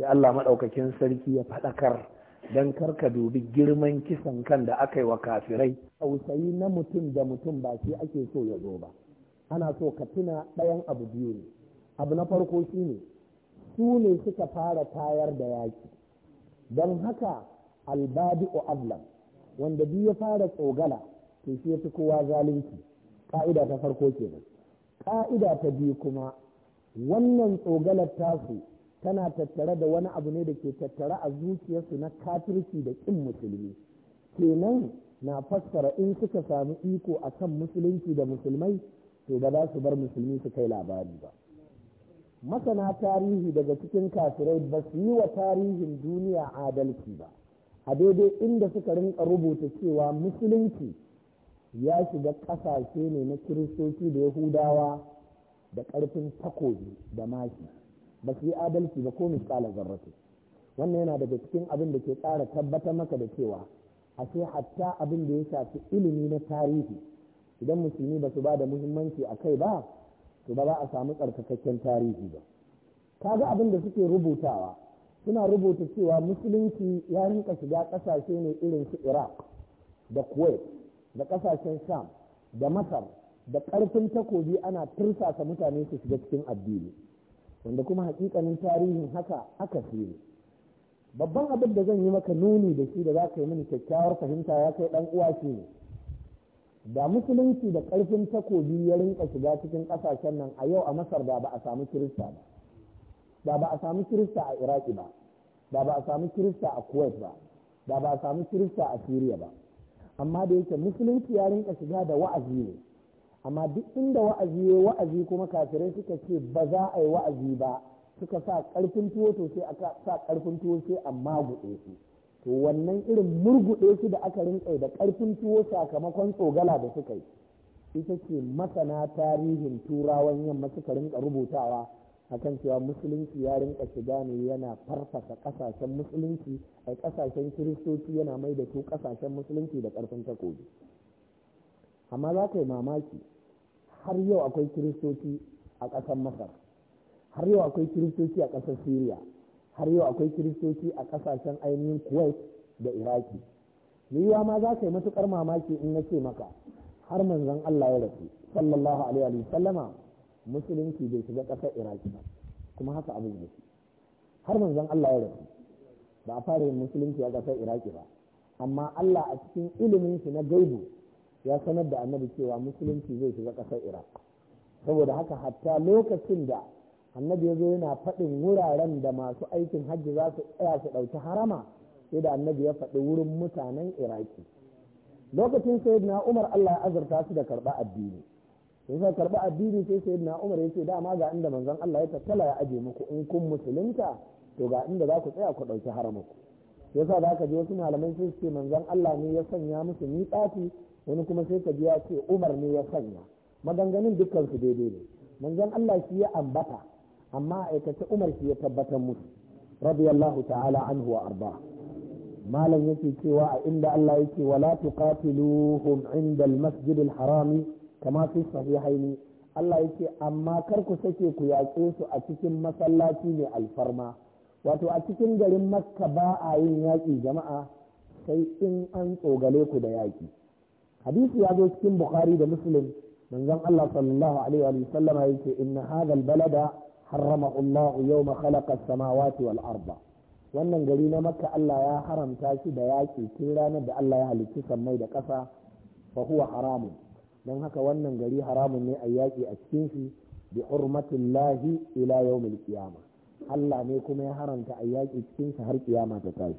sai Allah maɗaukakin sarki ya faɗakar don karka dubi girman kisan kan da aka yi wa kafirai tausayi na mutum da mutum ba shi ake so ya zo ba ana so ka tuna ɗayan abu biyu ne abu na farko shi ne su ne suka fara tayar da yaƙi don haka o ablam wanda biyu ya fara tsogala to shi fi kowa zalunci Ka'ida ta farko kenan ka'ida ta biyu kuma wannan tsogalar tasu tana tattare da wani abu ne da ke tattare a zuciyarsu na kafirci da ƙin musulmi kenan na fassara in suka samu iko a kan musulunci da musulmai to ba za su bar musulmi su kai labari ba masana tarihi daga cikin kafirai ba su yi wa tarihin duniya adalci ba a daidai inda suka rinka rubuta cewa musulunci ya shiga ƙasashe ne na kiristoci da yahudawa da ƙarfin takobi da maki ba su yi adalci ba ko misali zarrati wannan yana daga cikin abin da ke ƙara tabbatar maka da cewa ashe hatta abin da ya shafi ilimi na tarihi idan musulmi ba su ba da muhimmanci a kai ba to ba za a samu tsarkakakken tarihi ba kaga abin da suke rubutawa suna rubuta cewa musulunci ya rinka shiga ƙasashe ne irin su iraq da kuwait da ƙasashen sham da masar da ƙarfin takobi ana tursasa mutane su shiga cikin addini wanda kuma hakikanin tarihin haka aka fi babban abin da zan yi maka nuni da shi da za ka yi mini kyakkyawar fahimta ya kai ɗan uwa shi ne da musulunci da ƙarfin takobi ya rinka shiga cikin ƙasashen nan a yau a masar da ba a samu kirista ba da ba a samu kirista a iraki ba da ba a samu kirista a kuwait ba da ba a samu kirista a siriya ba amma da yake musulunci ya rinka shiga da wa'azi ne amma duk inda wa'azi ya wa'azi kuma kafirai suka ce ba za a yi wa'azi ba suka sa karfin tuwo to sai aka sa karfin tuwo sai a maguɗe su to wannan irin murguɗe su da aka rinƙa da karfin tuwo sakamakon tsogala da suka yi ita ce masana tarihin turawan yamma suka rinƙa rubutawa a kan cewa musulunci ya rinƙa shiga ne yana farfasa ƙasashen musulunci a ƙasashen kiristoci yana mai da su ƙasashen musulunci da ƙarfin takobi amma za ka yi mamaki har yau akwai kiristoci a ƙasar masar har yau akwai kiristoci a ƙasar syria har yau akwai kiristoci a ƙasashen ainihin kuwait da iraki yiwuwa ma za ka yi matuƙar mamaki in na ce maka har manzon allah ya rasu sallallahu alaihi wa sallama musulunci bai shiga ƙasar iraki ba kuma haka abin yake har manzon allah ya rasu ba a fara yin musulunci a ƙasar iraki ba amma allah a cikin ilimin shi na gaibu ya sanar da annabi cewa musulunci zai shiga ƙasar iraq saboda haka hatta lokacin da annabi ya zo yana faɗin wuraren da masu aikin hajji za su tsaya su ɗauki harama sai da annabi ya faɗi wurin mutanen iraki lokacin sayyidina umar allah ya azurta su da karɓa addini sai suka karɓa addini sai sayyidina umar ya ce dama ga inda manzon allah ya tattala ya aje muku in kun musulunta to ga inda za ku tsaya ku ɗauki haramaku sai sa za ka je wasu malamai sai su ce manzon allah ne ya sanya musu miƙati wani kuma sai ka biya ce umar ne ya sanya maganganun dukkan su daidai ne manzon Allah shi ya ambata amma aikace umar shi ya tabbatar musu radiyallahu ta'ala anhu wa arba malam yake cewa a inda Allah yake wala tuqatiluhum inda al-masjid harami kama fi sahihaini Allah yake amma kar ku sake ku yaƙe su a cikin masallaci ne alfarma wato a cikin garin makka ba a yin yaƙi jama'a sai in an tsogale ku da yaƙi hadisi ya zo cikin bukhari da muslim manzon Allah sallallahu alaihi wa sallam yake inna hadha albalada harrama Allah yau khalaqa as-samawati wal wannan gari na makka Allah ya haramta shi da yaƙi tun ranar da Allah ya halicci sammai da ƙasa fa huwa haramun don haka wannan gari haramun ne a yaƙi a cikin shi bi hurmatillahi ila yawmil ƙiyama Allah ne kuma ya haramta a yaƙi cikin shi har kiyama ta tashi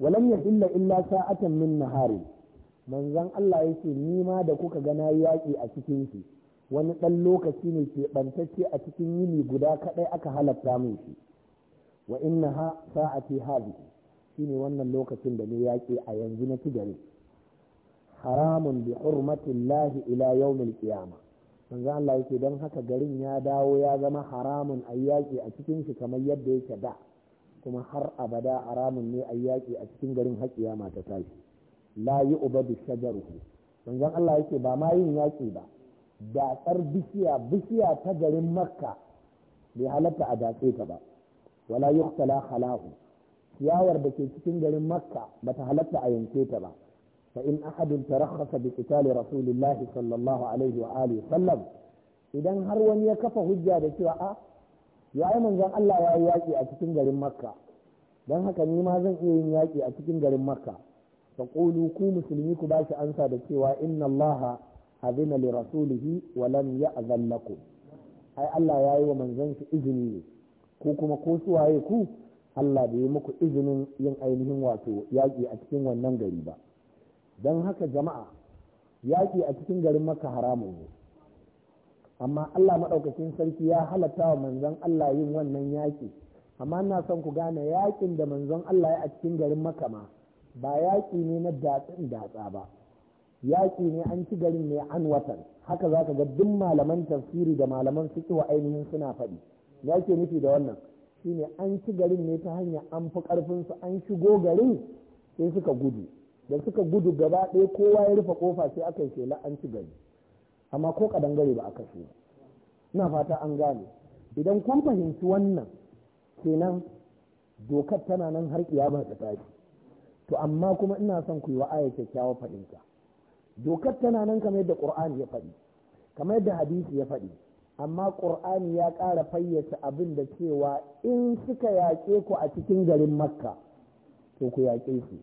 walam yahilla illa sa'atan min nahari manzon Allah yake ni ma da kuka gana yaƙi a cikin shi wani ɗan lokaci ne ke ɓantacce a cikin yini guda kaɗai aka halatta min shi wa inna ha sa'ati Shi shine wannan lokacin da ne yaƙi a yanzu na gari haramun bi lahi ila yawmil qiyamah manzan Allah ya ce don haka garin ya dawo ya zama haramun yaƙi a cikin shi kamar yadda yake da kuma har abada haramun ne yaƙi a cikin garin har kiyama ta tashi la yi ubadu shajaruhu manzon Allah yake ba ma yin yaƙi ba datsar bishiya bishiya ta garin makka bai halatta a datse ta ba wala yuqtala khalahu ciyawar da ke cikin garin makka bata halatta a yanke ta ba fa in ahadun tarakhasa bi qitali rasulillah sallallahu alaihi wa alihi sallam idan har wani ya kafa hujja da cewa a ah, ya ai manzon Allah ya yi yaƙi a cikin garin makka dan haka ni ma zan iya yin yaƙi a cikin garin makka fa qulu ku musulmi ku bashi ansa da cewa inna allaha adina li rasulihi wa lam ya'zan lakum ai Allah ya yi wa manzon shi izini ne ko kuma ko suwaye ku Allah bai yi muku izinin yin ainihin wato yaƙi a cikin wannan gari ba don haka jama'a yaƙi a cikin garin maka haramun ne amma Allah maɗaukacin sarki ya halatta wa manzon Allah yin wannan yaƙi amma ina son ku gane yaƙin da manzon Allah ya a cikin garin maka ma ba yaƙi ne na datsin datsa ba yaƙi ne an ci garin ne an watan haka za ka ga duk malaman tafsiri da malaman wa ainihin suna faɗi ya ke nufi da wannan shine an ci garin ne ta hanyar an fi ƙarfin su an shigo garin sai suka gudu da suka gudu gaba ɗaya kowa ya rufe kofa sai aka yi shela an ci gari amma ko kadangare ba aka ba ina fata an gane idan kun fahimci wannan kenan dokar tana nan har kiyama ta tashi to amma kuma ina son ku yi wa kyakkyawa faɗinta dokar tana nan kamar yadda ƙur'ani ya faɗi kamar yadda hadisi ya faɗi amma ƙur'ani ya ƙara fayyace abin da cewa in suka yaƙe ku a cikin garin makka to ku yaƙe su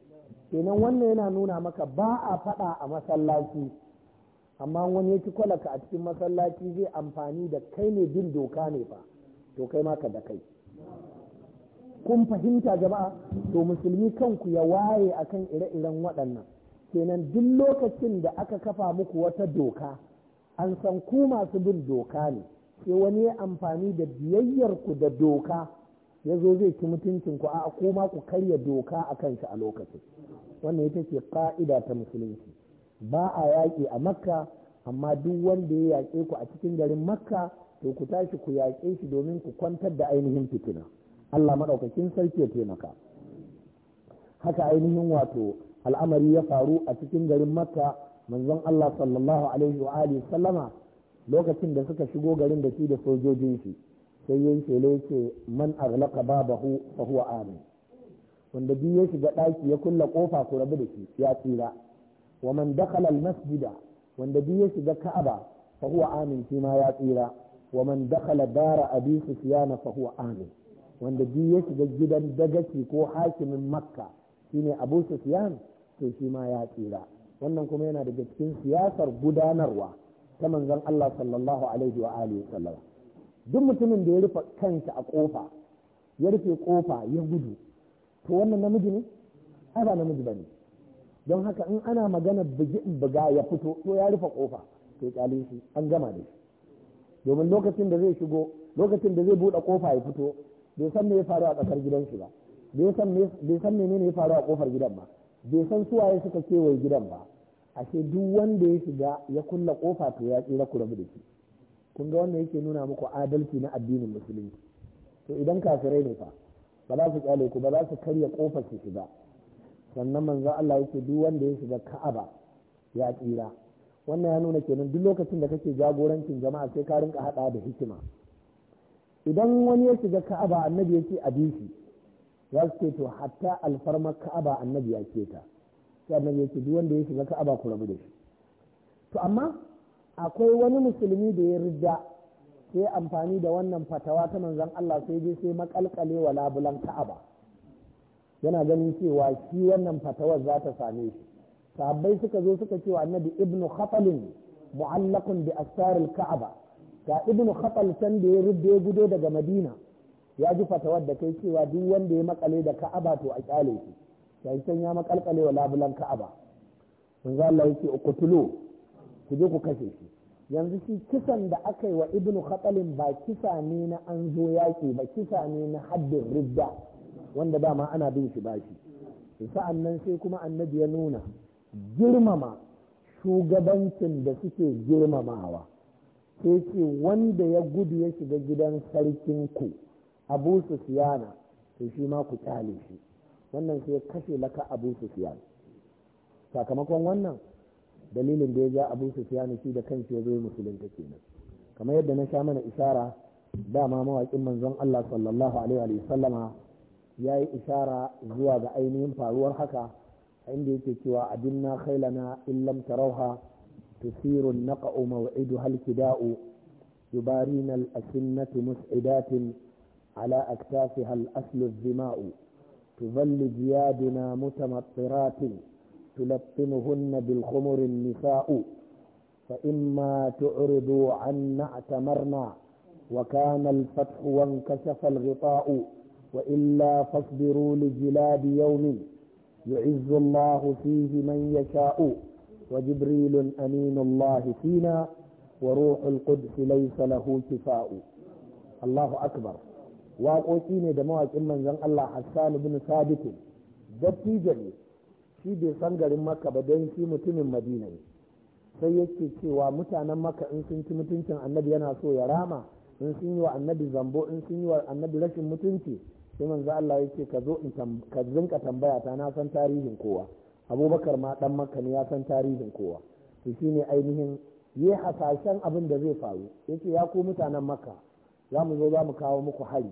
kenan wannan yana nuna maka ba a faɗa a masallaci amma wani ya ci kwalaka a cikin masallaci zai amfani da kai ne bin doka ne fa to kai maka da kai kun fahimta jama'a to musulmi kanku ya waye akan ire-iren waɗannan kenan duk lokacin da aka kafa muku wata doka an san ku masu bin doka ne sai wani ya amfani da ku da doka ya zo zai ci mutuncin ku a kuma ku karya doka a kanshi a lokacin wannan ita ce ka'ida ta musulunci ba a yaƙi a makka amma duk wanda ya yaƙe ku a cikin garin makka to ku tashi ku yaƙe shi domin ku kwantar da ainihin fitina Allah maɗaukakin sarki ya taimaka haka ainihin wato al'amari ya faru a cikin garin makka manzon Allah sallallahu alaihi wa alihi sallama lokacin da suka shigo garin da shi da sojojin shi sai yin shele yake man aghlaqa babahu fa huwa amin wanda biyu ya shiga ɗaki ya kulla ƙofa ku rabu da shi ya tsira wa man dakhala al-masjida wanda biyu ya shiga ka'aba fa huwa amin shi ma ya tsira wa man dakhala dara abi sufyan fa huwa amin wanda duk ya shiga gidan dagaci ko hakimin makka shine abu sufyan to shi ma ya tsira wannan kuma yana daga cikin siyasar gudanarwa ta manzon Allah sallallahu alaihi wa alihi sallam duk mutumin da ya rufe kansa a kofa ya rufe kofa ya gudu to wannan namiji ne ai ba namiji bane don haka in ana magana buga ya fito to ya rufe kofa to kyale shi an gama da domin lokacin da zai shigo lokacin da zai buɗe kofa ya fito bai san me ya faru a tsakar gidansu ba bai san ne ya faru a kofar gidan ba bai san waye suka kewaye gidan ba ashe duk wanda ya shiga ya kulla kofa to ya tsira ku rabu da shi kun ga wannan yake nuna muku adalci na addinin musulunci to idan kafirai ne fa ba za su kyale ku ba za su karya kofar su shiga sannan manzo Allah yake duk wanda ya shiga Ka'aba ya tsira wannan ya nuna kenan duk lokacin da kake jagorancin jama'a sai ka rinka hada da hikima idan wani ya shiga ka'aba annabi ya ce a bi shi za su ce to hatta alfarmar ka'aba annabi ya ce ta sai annabi ya ce duk wanda ya shiga ka'aba ku rabu da shi to amma akwai wani musulmi da ya rida sai amfani da wannan fatawa ta manzon Allah sai je sai makalkale wa labulan ka'aba yana ganin cewa shi wannan fatawar za ta same shi sahabbai suka zo suka ce wa annabi ibnu khafalin mu'allaqun bi asfaril ka'aba Da ibnu khatal san da ya rubbe gudo daga madina ya ji fatawar da kai cewa duk wanda ya makale da ka'aba to a kyale shi sai san ya makalkale wa labulan ka'aba manzo Allah yake ukutulu ku je ku kashe shi yanzu shi kisan da aka yi wa ibnu khatal ba kisa ne na an zo yaƙi ba kisa ne na haddin ridda wanda ba ma ana bin shi bashi sa'an annan sai kuma annabi ya nuna girmama shugabancin da suke girmamawa sai ce wanda ya gudu ya shiga gidan sarkin ku abu siyana to shi ma ku kyale shi wannan sai ya kashe laka abu siyana sakamakon wannan dalilin da ya ja abu siyana shi da kanshi ya zo musulun musulunta kenan kamar yadda na sha mana ishara dama mawaƙin manzon Allah sallallahu alaihi wa sallama ya yi isara zuwa ga ainihin faruwar haka inda yake cewa abin na khailana illam tarauha تثير النقأ موعدها الكداء يبارين الأسنة مسعدات على أكتافها الأسل الظماء تظل جيادنا متمطرات تلطمهن بالخمر النساء فإما تعرضوا عنا اعتمرنا وكان الفتح وانكشف الغطاء وإلا فاصبروا لجلاد يوم يعز الله فيه من يشاء وجبريل أمين الله فينا وروح القدس ليس له كفاء الله أكبر waƙoƙi da mawaƙin manzan Allah Hassan bin Sabit dattijo ne shi bai san garin Makka ba don shi mutumin Madina ne sai yake cewa mutanen Makka in sun ci mutuncin Annabi yana so ya rama in sun yi wa Annabi zambo in sun yi wa Annabi rashin mutunci sai manzon Allah yake ka zo ka zinka tambaya ta na san tarihin kowa abubakar ma dan makka ne ya san tarihin kowa to shine ainihin yi hasashen abin da zai faru yace ya ku mutanen makka za mu zo za mu kawo muku hari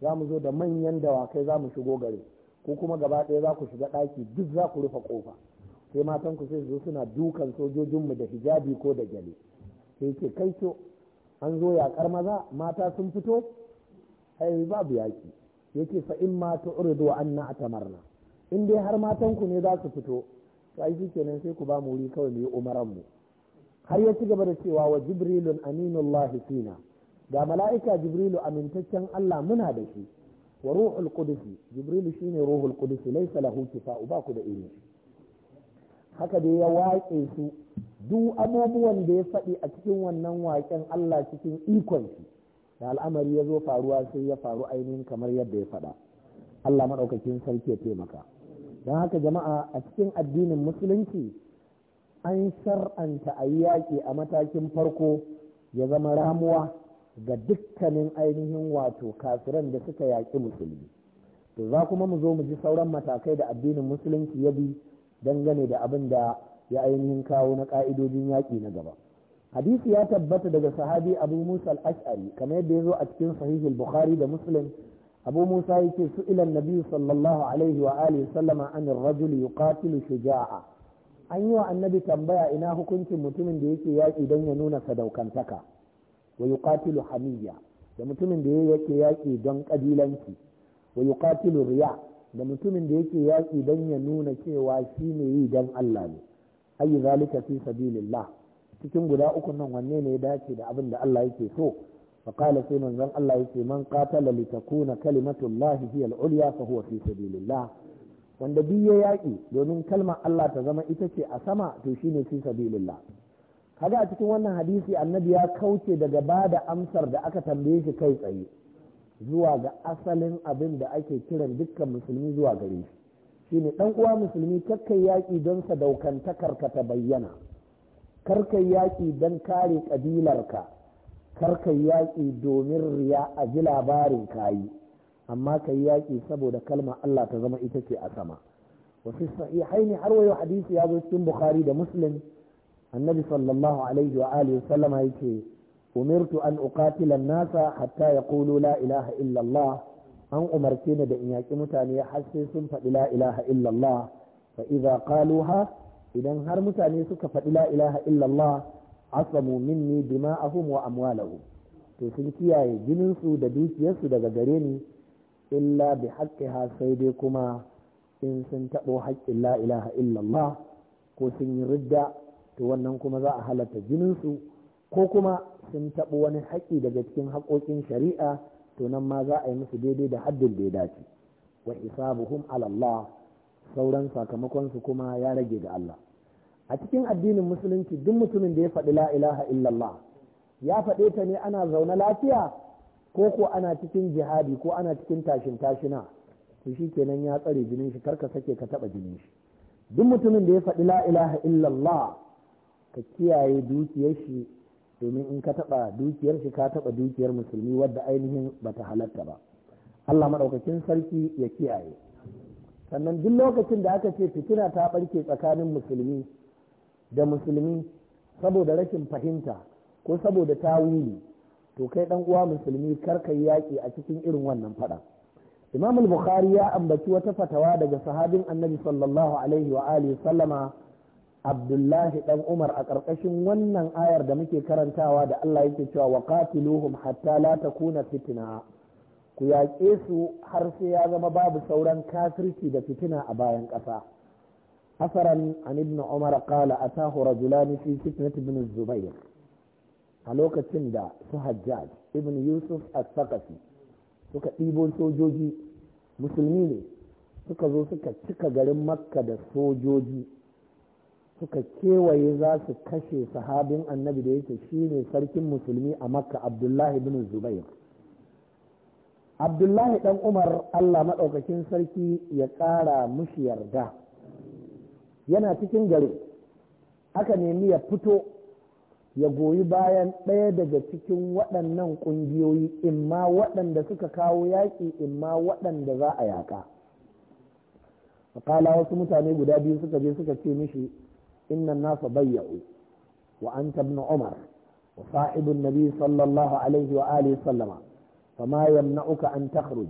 za mu zo da manyan dawakai za mu shigo gari ko kuma gaba ɗaya za ku shiga ɗaki duk za ku rufe kofa sai matan ku sai zo suna dukan sojojinmu da hijabi ko da gyale sai ce kai to an zo yaƙar maza mata sun fito ai babu yaƙi yake fa in ma tu'ridu anna atamarna in dai har matan ku ne za su fito to ai shikenan sai ku ba mu wuri kawai mu yi umaran mu har ya ci gaba da cewa wa jibrilun aminullahi fina ga mala'ika jibrilu amintaccen Allah muna da shi wa ruhul qudus jibrilu shine ruhul qudus laysa lahu kifa'u ba ku da irin haka dai ya waƙe su duk abubuwan da ya faɗi a cikin wannan waƙen Allah cikin ikon shi da al'amari ya zo faruwa sai ya faru ainihin kamar yadda ya faɗa Allah maɗaukakin sarki ya taimaka don haka jama'a a cikin addinin musulunci an shar'anta a yi yaƙi a matakin farko ya zama ramuwa ga dukkanin ainihin wato kafiran da suka yaƙi musulmi to za kuma mu zo mu ji sauran matakai da addinin musulunci ya bi dangane da abin da ya ainihin kawo na ka'idojin yaƙi na gaba hadisi ya tabbata daga sahabi abu musa al-ash'ari kamar yadda ya zo a cikin sahihul bukhari da muslim abu musa ya yake su ilan nabi sallallahu alaihi wa alihi sallama an rajul yuqatilu shuja'a an yi wa annabi tambaya ina hukuncin mutumin da yake yaƙi don ya nuna sadaukantaka wa yuqatilu hamiyya da mutumin da yake yaƙi don kabilanci wa yuqatilu riya da mutumin da yake yaƙi don ya nuna cewa shi ne yi don Allah ne ayi zalika fi sabilillah cikin guda uku nan wanne ne ya dace da abin da Allah yake so فقال سيما Allah الله يكي من قاتل لتكون kalimatullahi الله هي العليا فهو في سبيل الله wanda biyu ya yaƙi domin kalmar Allah ta zama ita ce a sama to shine fi sabilillah kaga a cikin wannan hadisi annabi ya kauce daga ba da amsar da aka tambaye shi kai tsaye zuwa ga asalin abin da ake kiran dukkan musulmi zuwa gare shi shine dan uwa musulmi kakkai yaƙi don sadaukantakarka ta bayyana Kar karkai yaƙi don kare ƙabilarka kar ka yaƙi domin riya a ji labarin kayi amma ka yaƙi saboda kalmar Allah ta zama ita ce a sama wasu ne har wayo hadisi ya zo cikin bukhari da muslim annabi sallallahu alaihi wa alihi sallama yake umirtu an uqatila nasa hatta yaqulu la ilaha illallah an umarce ni da in yaƙi mutane har sai sun faɗi la ilaha allah fa idza qaluha idan har mutane suka faɗi la ilaha illallah asamu minni dima'ahum wa amwalahum to sun kiyaye jininsu da dukiyarsu daga gare ni illa bi haqqiha sai dai kuma in sun taɓo haƙƙin la ilaha illallah ko sun yi ridda to wannan kuma za a halatta jininsu ko kuma sun taɓo wani haƙƙi daga cikin haƙoƙin shari'a to nan ma za a yi musu daidai da haddin da ya dace wa hisabuhum ala Allah sauran sakamakonsu kuma ya rage ga Allah a cikin addinin musulunci duk mutumin da ya faɗi la ilaha illallah ya faɗe ta ne ana zaune lafiya ko ko ana cikin jihadi ko ana cikin tashin tashina to shi kenan ya tsare jinin shi karka sake ka taɓa jinin shi duk mutumin da ya faɗi la ilaha illallah ka kiyaye dukiyar shi domin in ka taɓa dukiyar shi ka taɓa dukiyar musulmi wadda ainihin bata halatta ba Allah maɗaukakin sarki ya kiyaye sannan duk lokacin da aka ce fitina ta ɓarke tsakanin musulmi da musulmi saboda rashin fahimta ko saboda tawili to kai dan uwa musulmi kar kai yaƙi a cikin irin wannan fada Imam al-Bukhari ya ambaci wata fatawa daga sahabin Annabi sallallahu alaihi wa alihi sallama Abdullahi dan Umar a ƙarƙashin wannan ayar da muke karantawa da Allah yake cewa wa qatiluhum hatta la takuna fitna ku yaƙe su har sai ya zama babu sauran kafirci da fitina a bayan ƙasa. hasaran an ibn umar qala atahu rajulani fi fitnat bin zubair a lokacin da su hajjaj ibn yusuf as-saqafi suka ɗibo sojoji musulmi ne suka zo suka cika garin makka da sojoji suka kewaye za su kashe sahabin annabi da yake shine sarkin musulmi a makka abdullahi ibn zubair abdullahi dan umar allah maɗaukakin sarki ya ƙara mushi yarda yana cikin gari aka nemi ya fito ya goyi bayan ɗaya daga cikin waɗannan ƙungiyoyi imma waɗanda suka kawo yaƙi imma waɗanda za a yaƙa faƙala wasu mutane guda biyu suka je suka ce mishi na nasa bayyau wa an tabna umar wa sa'ibin nabi sallallahu alaihi wa alihi sallama ma yamna'uka an takhruj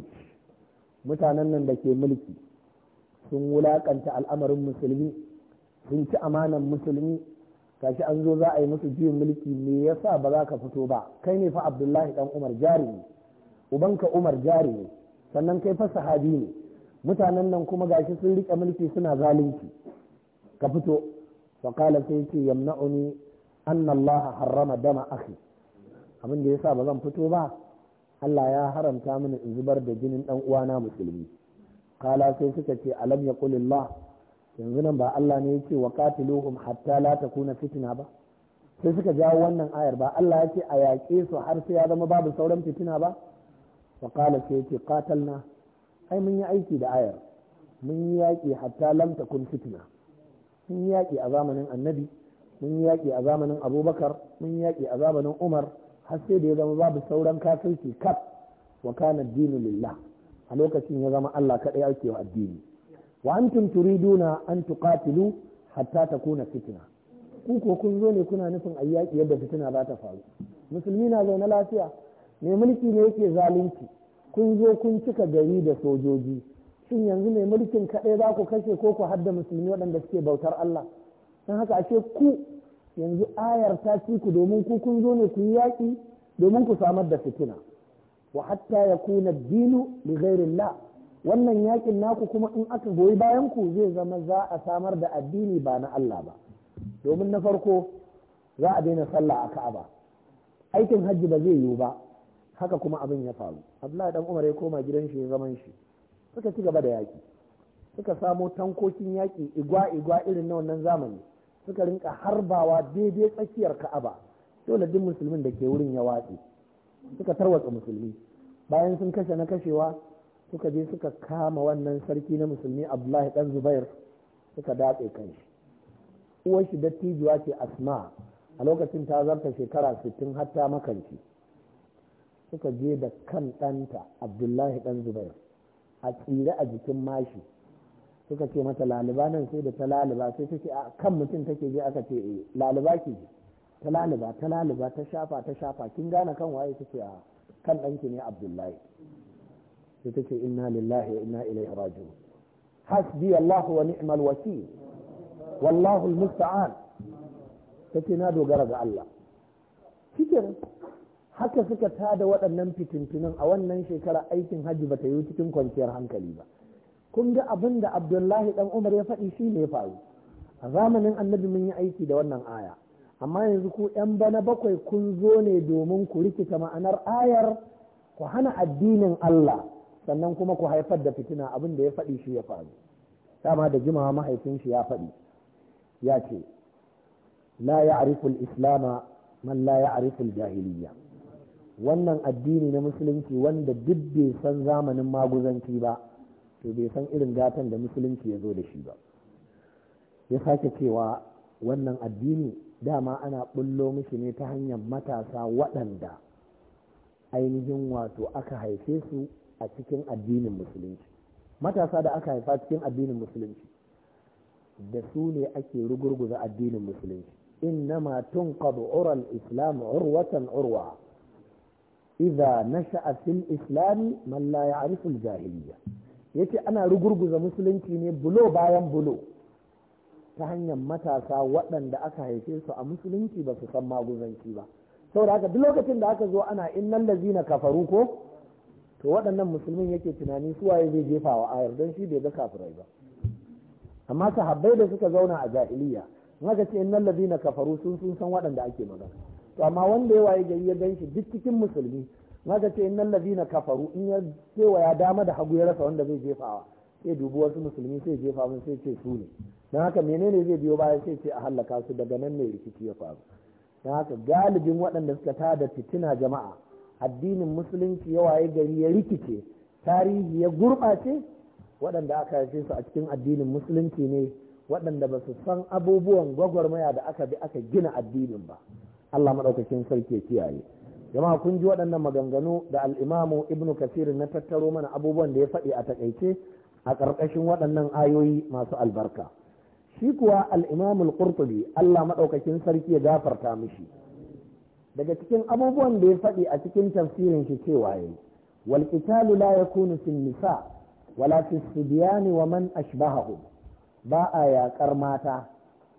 mutanen nan da ke mulki sun wulaƙanta al'amarin musulmi sun ci amanan musulmi kashi an zo za a yi musu juyin mulki me yasa ba za ka fito ba kai ne fa abdullahi dan umar jari ne ubanka umar jari ne sannan kai fa sahabi ne mutanen nan kuma gashi sun rike mulki suna zalunci ka fito fa qala sai ce yamna'uni anna allah harrama dama akhi abin da yasa ba zan fito ba Allah ya haramta mini in zubar da jinin dan uwana musulmi kala sai suka ce alam yaqulillah yanzu nan ba Allah ne yake wa qatiluhum hatta la takuna fitina ba sai suka jawo wannan ayar ba Allah yake a yaƙe su har sai ya zama babu sauran fitina ba wa qala sai yake qatalna ai mun yi aiki da ayar mun yi yaƙi hatta lam takun fitina mun yi yaƙi a zamanin annabi mun yi yaƙi a zamanin abubakar mun yi yaƙi a zamanin umar har sai da ya zama babu sauran kafirci kaf wa kana dinu lillah a lokacin ya zama Allah kaɗai ake wa addini wa antum turiduna an tuqatilu hatta takuna fitna ku ko kun zo ne kuna nufin ayyaki yadda fitina za ta faru musulmi na zaune lafiya mai mulki ne yake zalunci kun zo kun cika gari da sojoji shin yanzu mai mulkin kaɗai za ku kashe ko ku hadda musulmi waɗanda suke bautar Allah don haka ashe ku yanzu ayar ta ci ku domin ku kun zo ne ku yi yaƙi domin ku samar da fitina wa hatta yakuna dinu li ghairillah wannan yakin naku kuma in aka goyi bayan ku zai zama za a samar da addini ba na Allah ba domin na farko za a daina sallah a Ka'aba aikin hajji ba zai yiwu ba haka kuma abin ya faru Abdullahi dan Umar ya koma gidan shi ya zaman shi suka ci gaba da yaki suka samo tankokin yaki igwa igwa irin na wannan zamani suka rinka harbawa daidai tsakiyar Ka'aba dole duk musulmin da ke wurin ya watsi suka tarwatsa musulmi bayan sun kashe na kashewa suka je suka kama wannan sarki na musulmi abdullahi dan zubair suka datse kanshi uwar shi dattijuwa ce asma a lokacin ta zarta shekara 60 hatta ta makanci suka je da kan ɗanta abdullahi ɗan zubair a tsire a jikin mashi suka ce mata laliba nan sai da ta laliba sai ta a kan mutum take je aka ce eh, laliba ki je ta laliba ta laliba ta shafa ta shafa kin gane kan waye ta ce a kan ɗanki ne abdullahi sai take inna lillahi inna ilaihi raji'un hasbi Allah wa ni'mal wakil wallahu almusta'an ce na dogara ga Allah cikin haka suka tada waɗannan fitintunan a wannan shekara aikin hajji bata yi cikin kwanciyar hankali ba kun ga abin da Abdullahi dan Umar ya faɗi shi ne faru a zamanin annabi mun yi aiki da wannan aya amma yanzu ku ‘yan bana bakwai kun zo ne domin ku rikita ma'anar ayar ku hana addinin Allah sannan kuma ku haifar da fitina abin da ya faɗi shi ya faru dama da jimawa mahaifin shi ya faɗi ya ce la ya islama man la ya al jahiliya wannan addini na musulunci wanda duk bai san zamanin maguzanci ba to bai san irin gatan da musulunci ya zo da shi ba ya sake cewa wannan addini dama ana bullo mishi ne ta hanyar matasa waɗanda ainihin wato aka haife su a cikin addinin musulunci matasa da aka haifa cikin addinin musulunci da su ne ake rugurguza addinin musulunci innama tunqadu ural islam urwatan urwa idza nasha'a fil islami man la ya'rifu al jahiliyya yace ana rugurguza musulunci ne bulo bayan bulo ta hanyar matasa waɗanda aka haife su a musulunci ba su san maguzanci ba saboda haka duk lokacin da aka zo ana innal ladzina kafaru ko to waɗannan musulmin yake tunani su waye zai jefa wa ayar don shi bai ga kafirai ba amma sahabbai da suka zauna a jahiliya in na ce innal ladina kafaru sun sun san waɗanda ake magana to amma wanda ya waye gari ya gan shi duk cikin musulmi in na ce innal ladina kafaru in ya cewa ya dama da hagu ya rasa wanda zai jefawa sai dubi wasu musulmi sai jefa mun sai ce su ne don haka menene zai biyo baya sai ce a hallaka su daga nan ne rikici ya faru don haka galibin waɗanda suka tada fitina jama'a addinin musulunci ya gari ya rikice tarihi ya gurɓace waɗanda aka haife su a cikin addinin musulunci ne waɗanda ba su san abubuwan gwagwarmaya da aka bi aka gina addinin ba Allah maɗaukakin sarki ya kiyaye jama'a kun ji waɗannan maganganu da al'imamu ibnu kasir na tattaro mana abubuwan da ya faɗi a taƙaice a ƙarƙashin waɗannan ayoyi masu albarka shi kuwa al'imamul qurtubi Allah maɗaukakin sarki ya gafarta mishi daga cikin abubuwan da ya faɗi a cikin tafsirin shi cewa yayi wal qitalu la yakunu fil nisa wala fi wa man ashbahahu ba a yaƙar mata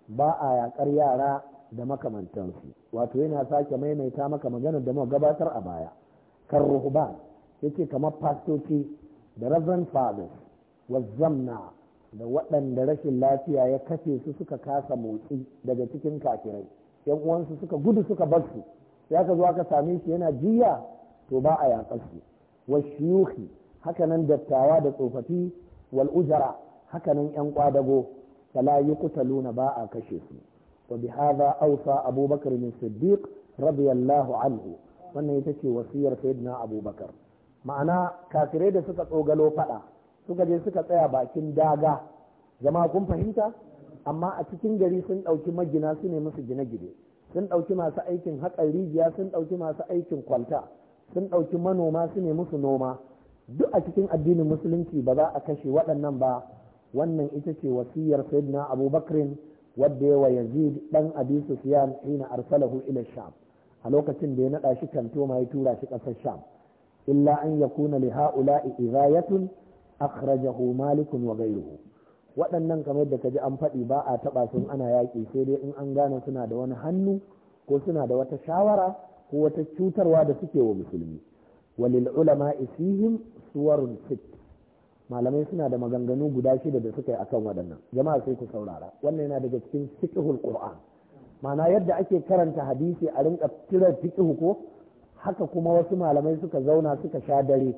ba a yaƙar yara da makamantansu wato yana sake maimaita maka magana da mu gabatar a baya kan ruhban yace kamar fastoci da reverend fathers wazzamna da waɗanda rashin lafiya ya kashe su suka kasa motsi daga cikin kafirai yan uwansu suka gudu suka bar su sai aka zo aka same shi yana jiya to ba a yaƙar shi wa shiyuhi hakanan dattawa da tsofaffi wal ujara hakanan yan kwadago fala yuqtaluna ba a kashe su wa bi hadha awsa abubakar bin siddiq radiyallahu anhu wannan ita ce wasiyar sayyidina abubakar ma'ana kafirai da suka tsogalo fada suka je suka tsaya bakin daga jama'a kun fahimta amma a cikin gari sun ɗauki magina su ne musu gine-gine sun ɗauki masu aikin haƙar rijiya sun ɗauki masu aikin kwalta sun ɗauki manoma su ne musu noma duk a cikin addinin musulunci ba za a kashe waɗannan ba wannan ita ce wasiyar sayyidina abubakrin wadda ya wa yazid ɗan abi sufyan hina arsalahu ila sham a lokacin da ya naɗa shi kanto ma ya tura shi ƙasar sham illa an yakuna liha'ulai ha'ula'i idayatun akhrajahu malikun wa ghayruhu waɗannan kamar da ka ji an faɗi ba a taɓa sun ana yaƙi sai dai in an gane suna da wani hannu ko suna da wata shawara ko wata cutarwa da suke wa musulmi walil ulama isihim suwarun fit malamai suna da maganganu guda shida da suka yi akan waɗannan jama'a sai ku saurara wannan yana daga cikin fiqhul qur'an ma'ana yadda ake karanta hadisi a rinka cire fiqhu ko haka kuma wasu malamai suka zauna suka sha dare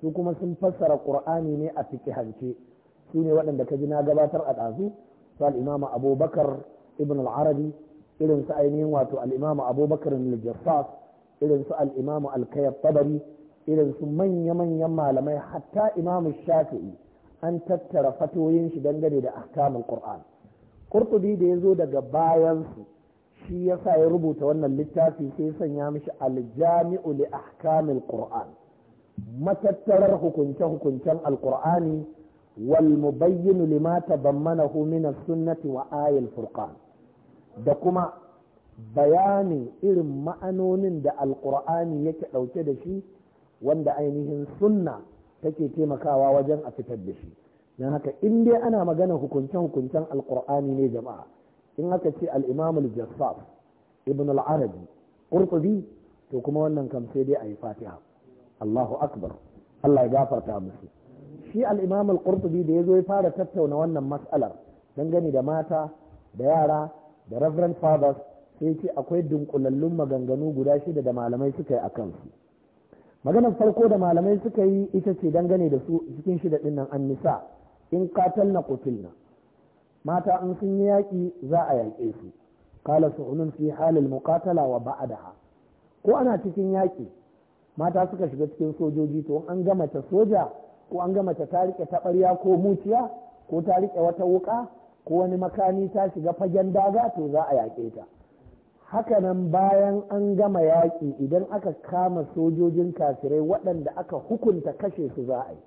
su kuma sun fassara ƙur'ani ne a fiqhance su ne waɗanda ka ji na gabatar a ɗazu su al'imama abubakar ibn al'arabi irin su ainihin wato al'imama abubakar ibn jassas irin su al'imamu alkayar tabari irin su manya-manyan malamai hatta imamu shafi'i an tattara fatoyin shi dangane da ahkamul qur'an qurtubi da ya zo daga su shi yasa ya rubuta wannan littafi sai sanya mishi aljami'u li ahkamil qur'an matattarar hukunce-hukuncen alkur'ani. wal mubayyin lima limata min as-sunnati wa ayil da kuma bayanin irin ma'anonin da alqur'ani yake ɗauke da shi wanda ainihin sunna take taimakawa wajen a fitar da shi don haka in dai ana magana hukuncen-hukuncen alkur'ani ne jama'a in aka ce al al-jassaf ibn al-arabi to kuma wannan kam sai dai a yi fatiha allahu akbar allah ya gafarta musu shi al-imam al-qurtubi da zo ya fara tattauna wannan mas'alar dangane da mata da yara da reverend fathers sai ce akwai dunkulallun maganganu guda shida da malamai suka yi a kansu maganar farko da malamai suka yi ita ce dangane da su cikin shida din nan nisa in katal na kutilna mata in sun yi yaƙi za a yaƙe su kala su fi halin muqatala wa ba'daha ko ana cikin yaƙi mata suka shiga cikin sojoji to an gama ta soja ko an ga mace ta riƙe taɓarya ko muciya ko ta riƙe wata wuƙa ko wani makami ta shiga fagen daga to za a yaƙe ta Haka nan bayan an gama yaƙi idan aka kama sojojin kafirai waɗanda aka hukunta kashe su za a yi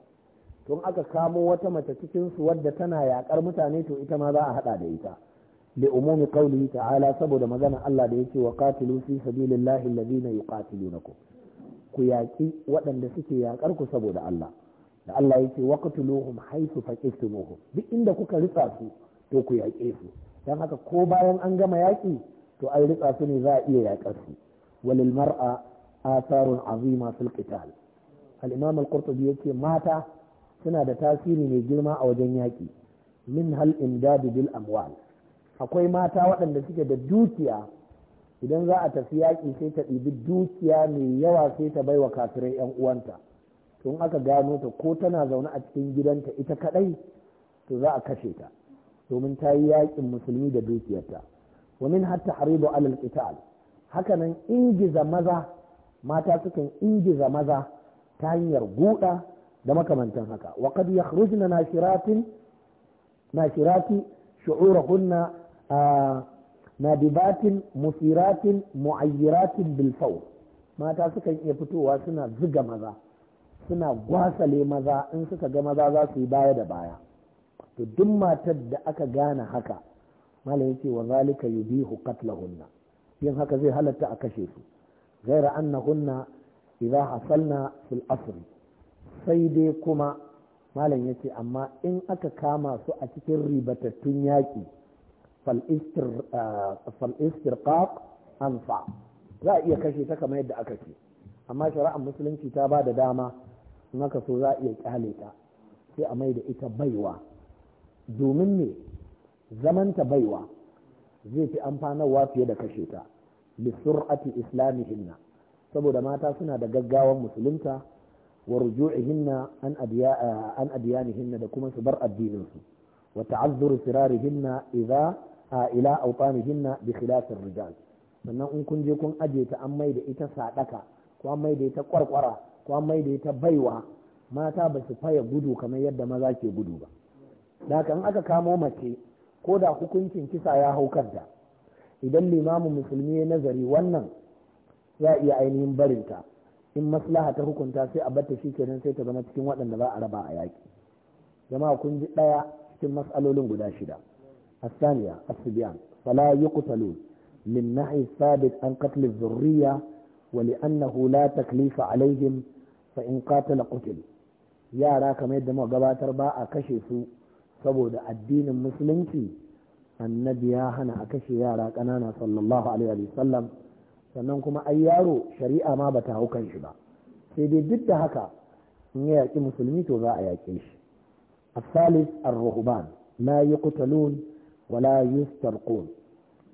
tun aka kamo wata mace cikinsu wadda tana yaƙar mutane to ita ma za a haɗa da ita da umumi qawlihi ta'ala saboda magana Allah da yake wa qatilu fi sabilillahi alladhina yuqatilunakum ku yaƙi waɗanda suke yaƙar ku saboda Allah da Allah yake waqtuluhum haythu faqiftumuhum duk inda kuka ritsa su to ku yaƙe su dan haka ko bayan an gama yaƙi to an ritsa su ne za a iya yaƙar su walil mar'a atharun azima fil qital al imam al qurtubi yake mata suna da tasiri mai girma a wajen yaƙi min hal imdadu bil amwal akwai mata waɗanda suke da dukiya idan za a tafi yaƙi sai ta ɗibi dukiya mai yawa sai ta baiwa kafirai 'yan uwanta in aka gano ta ko tana zaune a cikin gidanta ita kadai to za a kashe ta domin ta yi yakin musulmi da dukiyarta wa min hatta haribu alal qital hakanan ingiza maza mata sukan ingiza maza ta hanyar guda da makamantan haka wa qad yakhrujna nashiratin nashirati shu'urahunna nadibatin musiratin mu'ayyiratin bil mata sukan iya fitowa suna ziga maza suna gwasale maza in suka ga maza za su yi baya da baya to duk matar da aka gane haka malam yace wa zalika yubihu qatlahunna yin haka zai halatta a kashe su ghaira annahunna idza hasalna fil asri sai dai kuma malam yace amma in aka kama su a cikin ribatattun yaki fal istirqaq anfa za a iya kashe ta kamar yadda aka ce amma shari'ar musulunci ta ba da dama in so za a iya kyale ta sai a mai da ita baiwa domin ne zamanta baiwa zai fi amfanarwa fiye da kashe ta bi sur'ati islamihinna saboda mata suna da gaggawan musulunta wa ruju'ihinna an adiya adiyanihinna da kuma su bar addinin su wa ta'azzur firarihinna idza ila awtanihinna bi khilaf rijal sannan in kun je kun aje ta an mai da ita sadaka ko an mai da ita kwarkwara ko an mai da ita baiwa mata ba su faya gudu kamar yadda maza ke gudu ba da kan aka kamo mace ko da hukuncin kisa ya haukar da idan limamin musulmi ya nazari wannan za iya ainihin barinta in maslaha ta hukunta sai a batta shi kenan sai ta zama cikin waɗanda za a raba a yaƙi jama'a kun ji ɗaya cikin matsalolin guda shida asaniya asibiyan fala yuqtalu min nahi sabit an qatl az-zurriya wa li'annahu la taklifa alaihim fa in qatala qutil yara kamar yadda muka gabatar ba a kashe su saboda addinin musulunci annabi ya hana a kashe yara ƙanana sallallahu alaihi sallam sannan kuma ai yaro shari'a ma bata hau kan shi ba sai dai duk da haka in ya yaƙi musulmi to za a yaƙe shi الثالث الرهبان لا يقتلون ولا يسترقون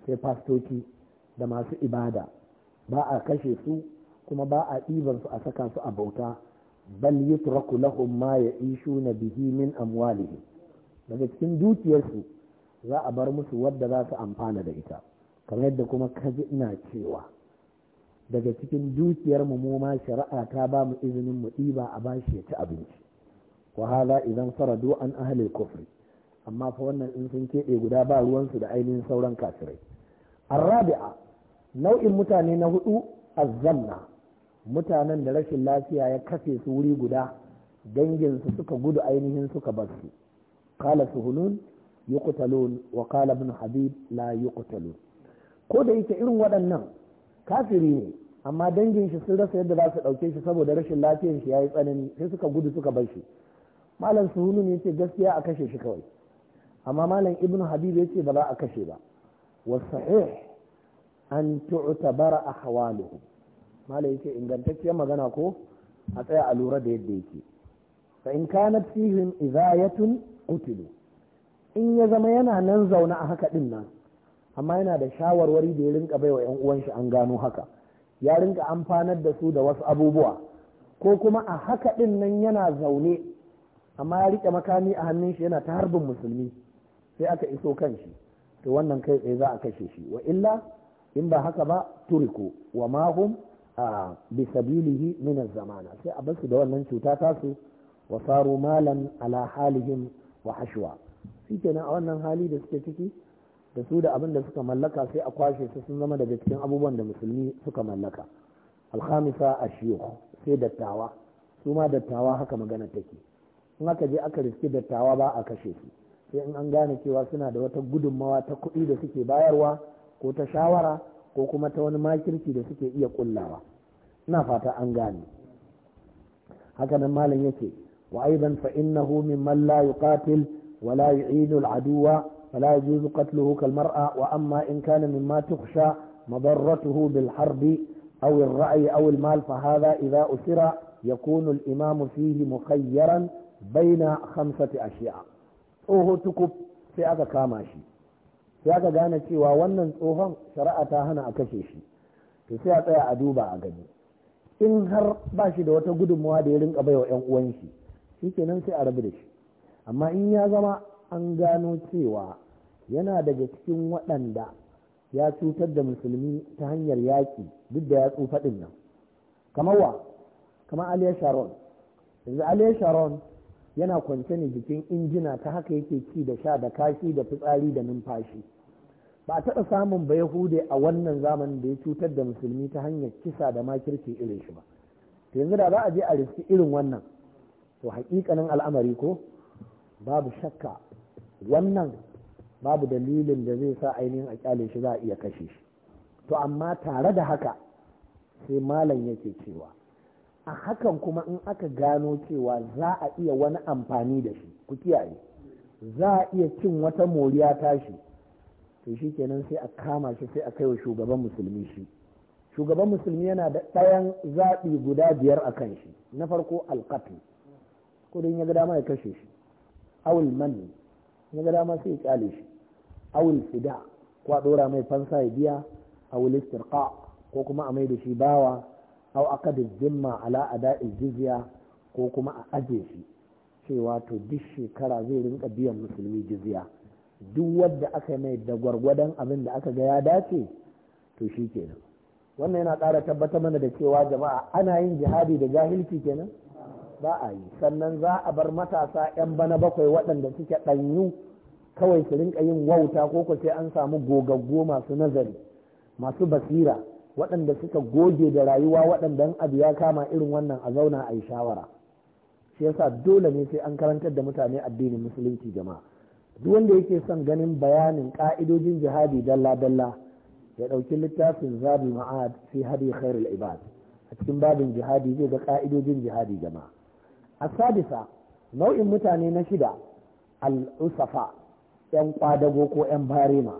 sai fastoci da masu ibada ba a kashe su kuma ba a ɗiban su a saka su a bauta bal yutraku lahum ma na bihi min amwalihi daga cikin dukiyarsu za a bar musu wadda za su amfana da ita kamar yadda kuma ji ina cewa daga cikin dukiyar mu ma shari'a ta ba mu izinin mu ɗiba a bashi ya ci abinci wa hala idan faradu an ahli kufri amma fa wannan in sun keɓe guda ba ruwansu da ainihin sauran kafirai arrabi'a nau'in mutane na hudu azzanna mutanen da rashin lafiya ya kafe su wuri guda danginsu suka gudu ainihin suka bar su kala suhunun yuqtalun wa kala bin habib la yuqtalun ko da yake irin waɗannan kafiri ne amma dangin shi sun rasa yadda za su ɗauke shi saboda rashin lafiyar shi yayi tsanani sai suka gudu suka bar shi malam ya ce gaskiya a kashe shi kawai amma malam ibn habib yace ba za a kashe ba wa sahih an tu'tabara ahwaluhum mala yake ingantacciyar magana ko a tsaya a lura da yadda yake fa in kana fihim idayatun qutilu in ya zama yana nan zaune a haka din nan amma yana da shawarwari da ya rinka baiwa yan uwan shi an gano haka ya rinka amfanar da su da wasu abubuwa ko kuma a haka din nan yana zaune amma ya rike makami a hannun shi yana ta harbin musulmi sai aka iso kan shi to wannan kai tsaye za a kashe shi wa illa in ba haka ba turiko wa mahum a bisabilihi min zamana sai a basu da wannan cuta tasu wa saru malan ala halihim wa hashwa shikenan a wannan hali da suke ciki da su da abin da suka mallaka sai a kwashe su sun zama daga cikin abubuwan da musulmi suka mallaka alhamisa a shiyo sai dattawa su ma dattawa haka magana take in aka je aka riske dattawa ba a kashe su sai in an gane cewa suna da wata gudummawa ta kuɗi da suke bayarwa ko ta shawara ko kuma ta wani makirci da suke iya kullawa ina fata an gane haka nan malam yake wa aidan fa innahu mimman la yuqatil wa la yu'idu al'aduwa fa la yajuzu qatluhu kal mar'a wa amma in kana mimma tukhsha madarratuhu bil harbi aw ar ra'yi aw al-mal fa hadha idha usira yakunu al-imam fihi mukhayyaran bayna khamsati ashiya tsoho tukub sai aka kama shi ya ga gane cewa wannan tsohon shari'a ta hana a kashe shi to sai a tsaya a duba a gani in har ba shi da wata gudunmawa da ya rinka bai wa 'yan uwan shi shi kenan sai a rabu da shi amma in ya zama an gano cewa yana daga cikin waɗanda ya cutar da musulmi ta hanyar yaƙi duk da ya tsufa nan kamar wa kamar aliya sharon yanzu aliya sharon yana kwance ne jikin injina ta haka yake ci da sha da kashi da fitsari da numfashi ba taɓa samun ba yahude a wannan zamanin da ya cutar da musulmi ta hanyar kisa da makirci irin shi ba to yanzu da za a je a riski irin wannan to haƙiƙanin al'amari ko babu shakka wannan babu dalilin da zai sa ainihin a kyale shi za a iya kashe shi to amma tare da haka sai malam yake cewa a hakan kuma in aka gano cewa za a iya wani amfani da shi ku kiyaye za a iya cin wata moriya tashi to shi kenan sai a kama shi sai a kai wa shugaban musulmi shi shugaban musulmi yana da ɗayan zaɓi guda biyar a kan shi na farko alƙatu kudin ya ga dama ya kashe shi awul manni ya ga dama sai ya kyale shi awul fida ko a ɗora mai fansa ya biya awul istirqa ko kuma a mai da shi bawa aw da zimma ala ada'il jizya ko kuma a ajiye shi cewa to duk shekara zai rinka biyan musulmi jizya duk wadda aka mai da gwargwadon abin da aka ga ya dace to shi kenan wannan yana ƙara tabbatar mana da cewa jama'a ana yin jihadi da jahilci kenan ba a yi sannan za a bar matasa 'yan bana bakwai waɗanda suke ɗanyu kawai su rinka yin wauta ko ko sai an samu gogaggo masu nazari masu basira waɗanda suka goge da rayuwa waɗanda abu ya kama irin wannan a zauna a yi shawara shi yasa dole ne sai an karantar da mutane addinin musulunci jama'a duk wanda yake son ganin bayanin ka'idojin jihadi dalla dalla ya ɗauki littafin zabi ma'ad fi hadi khairul ibad a cikin babin jihadi zai ga ka'idojin jihadi jama'a asadisa nau'in mutane na shida al-usafa yan kwadago ko yan barema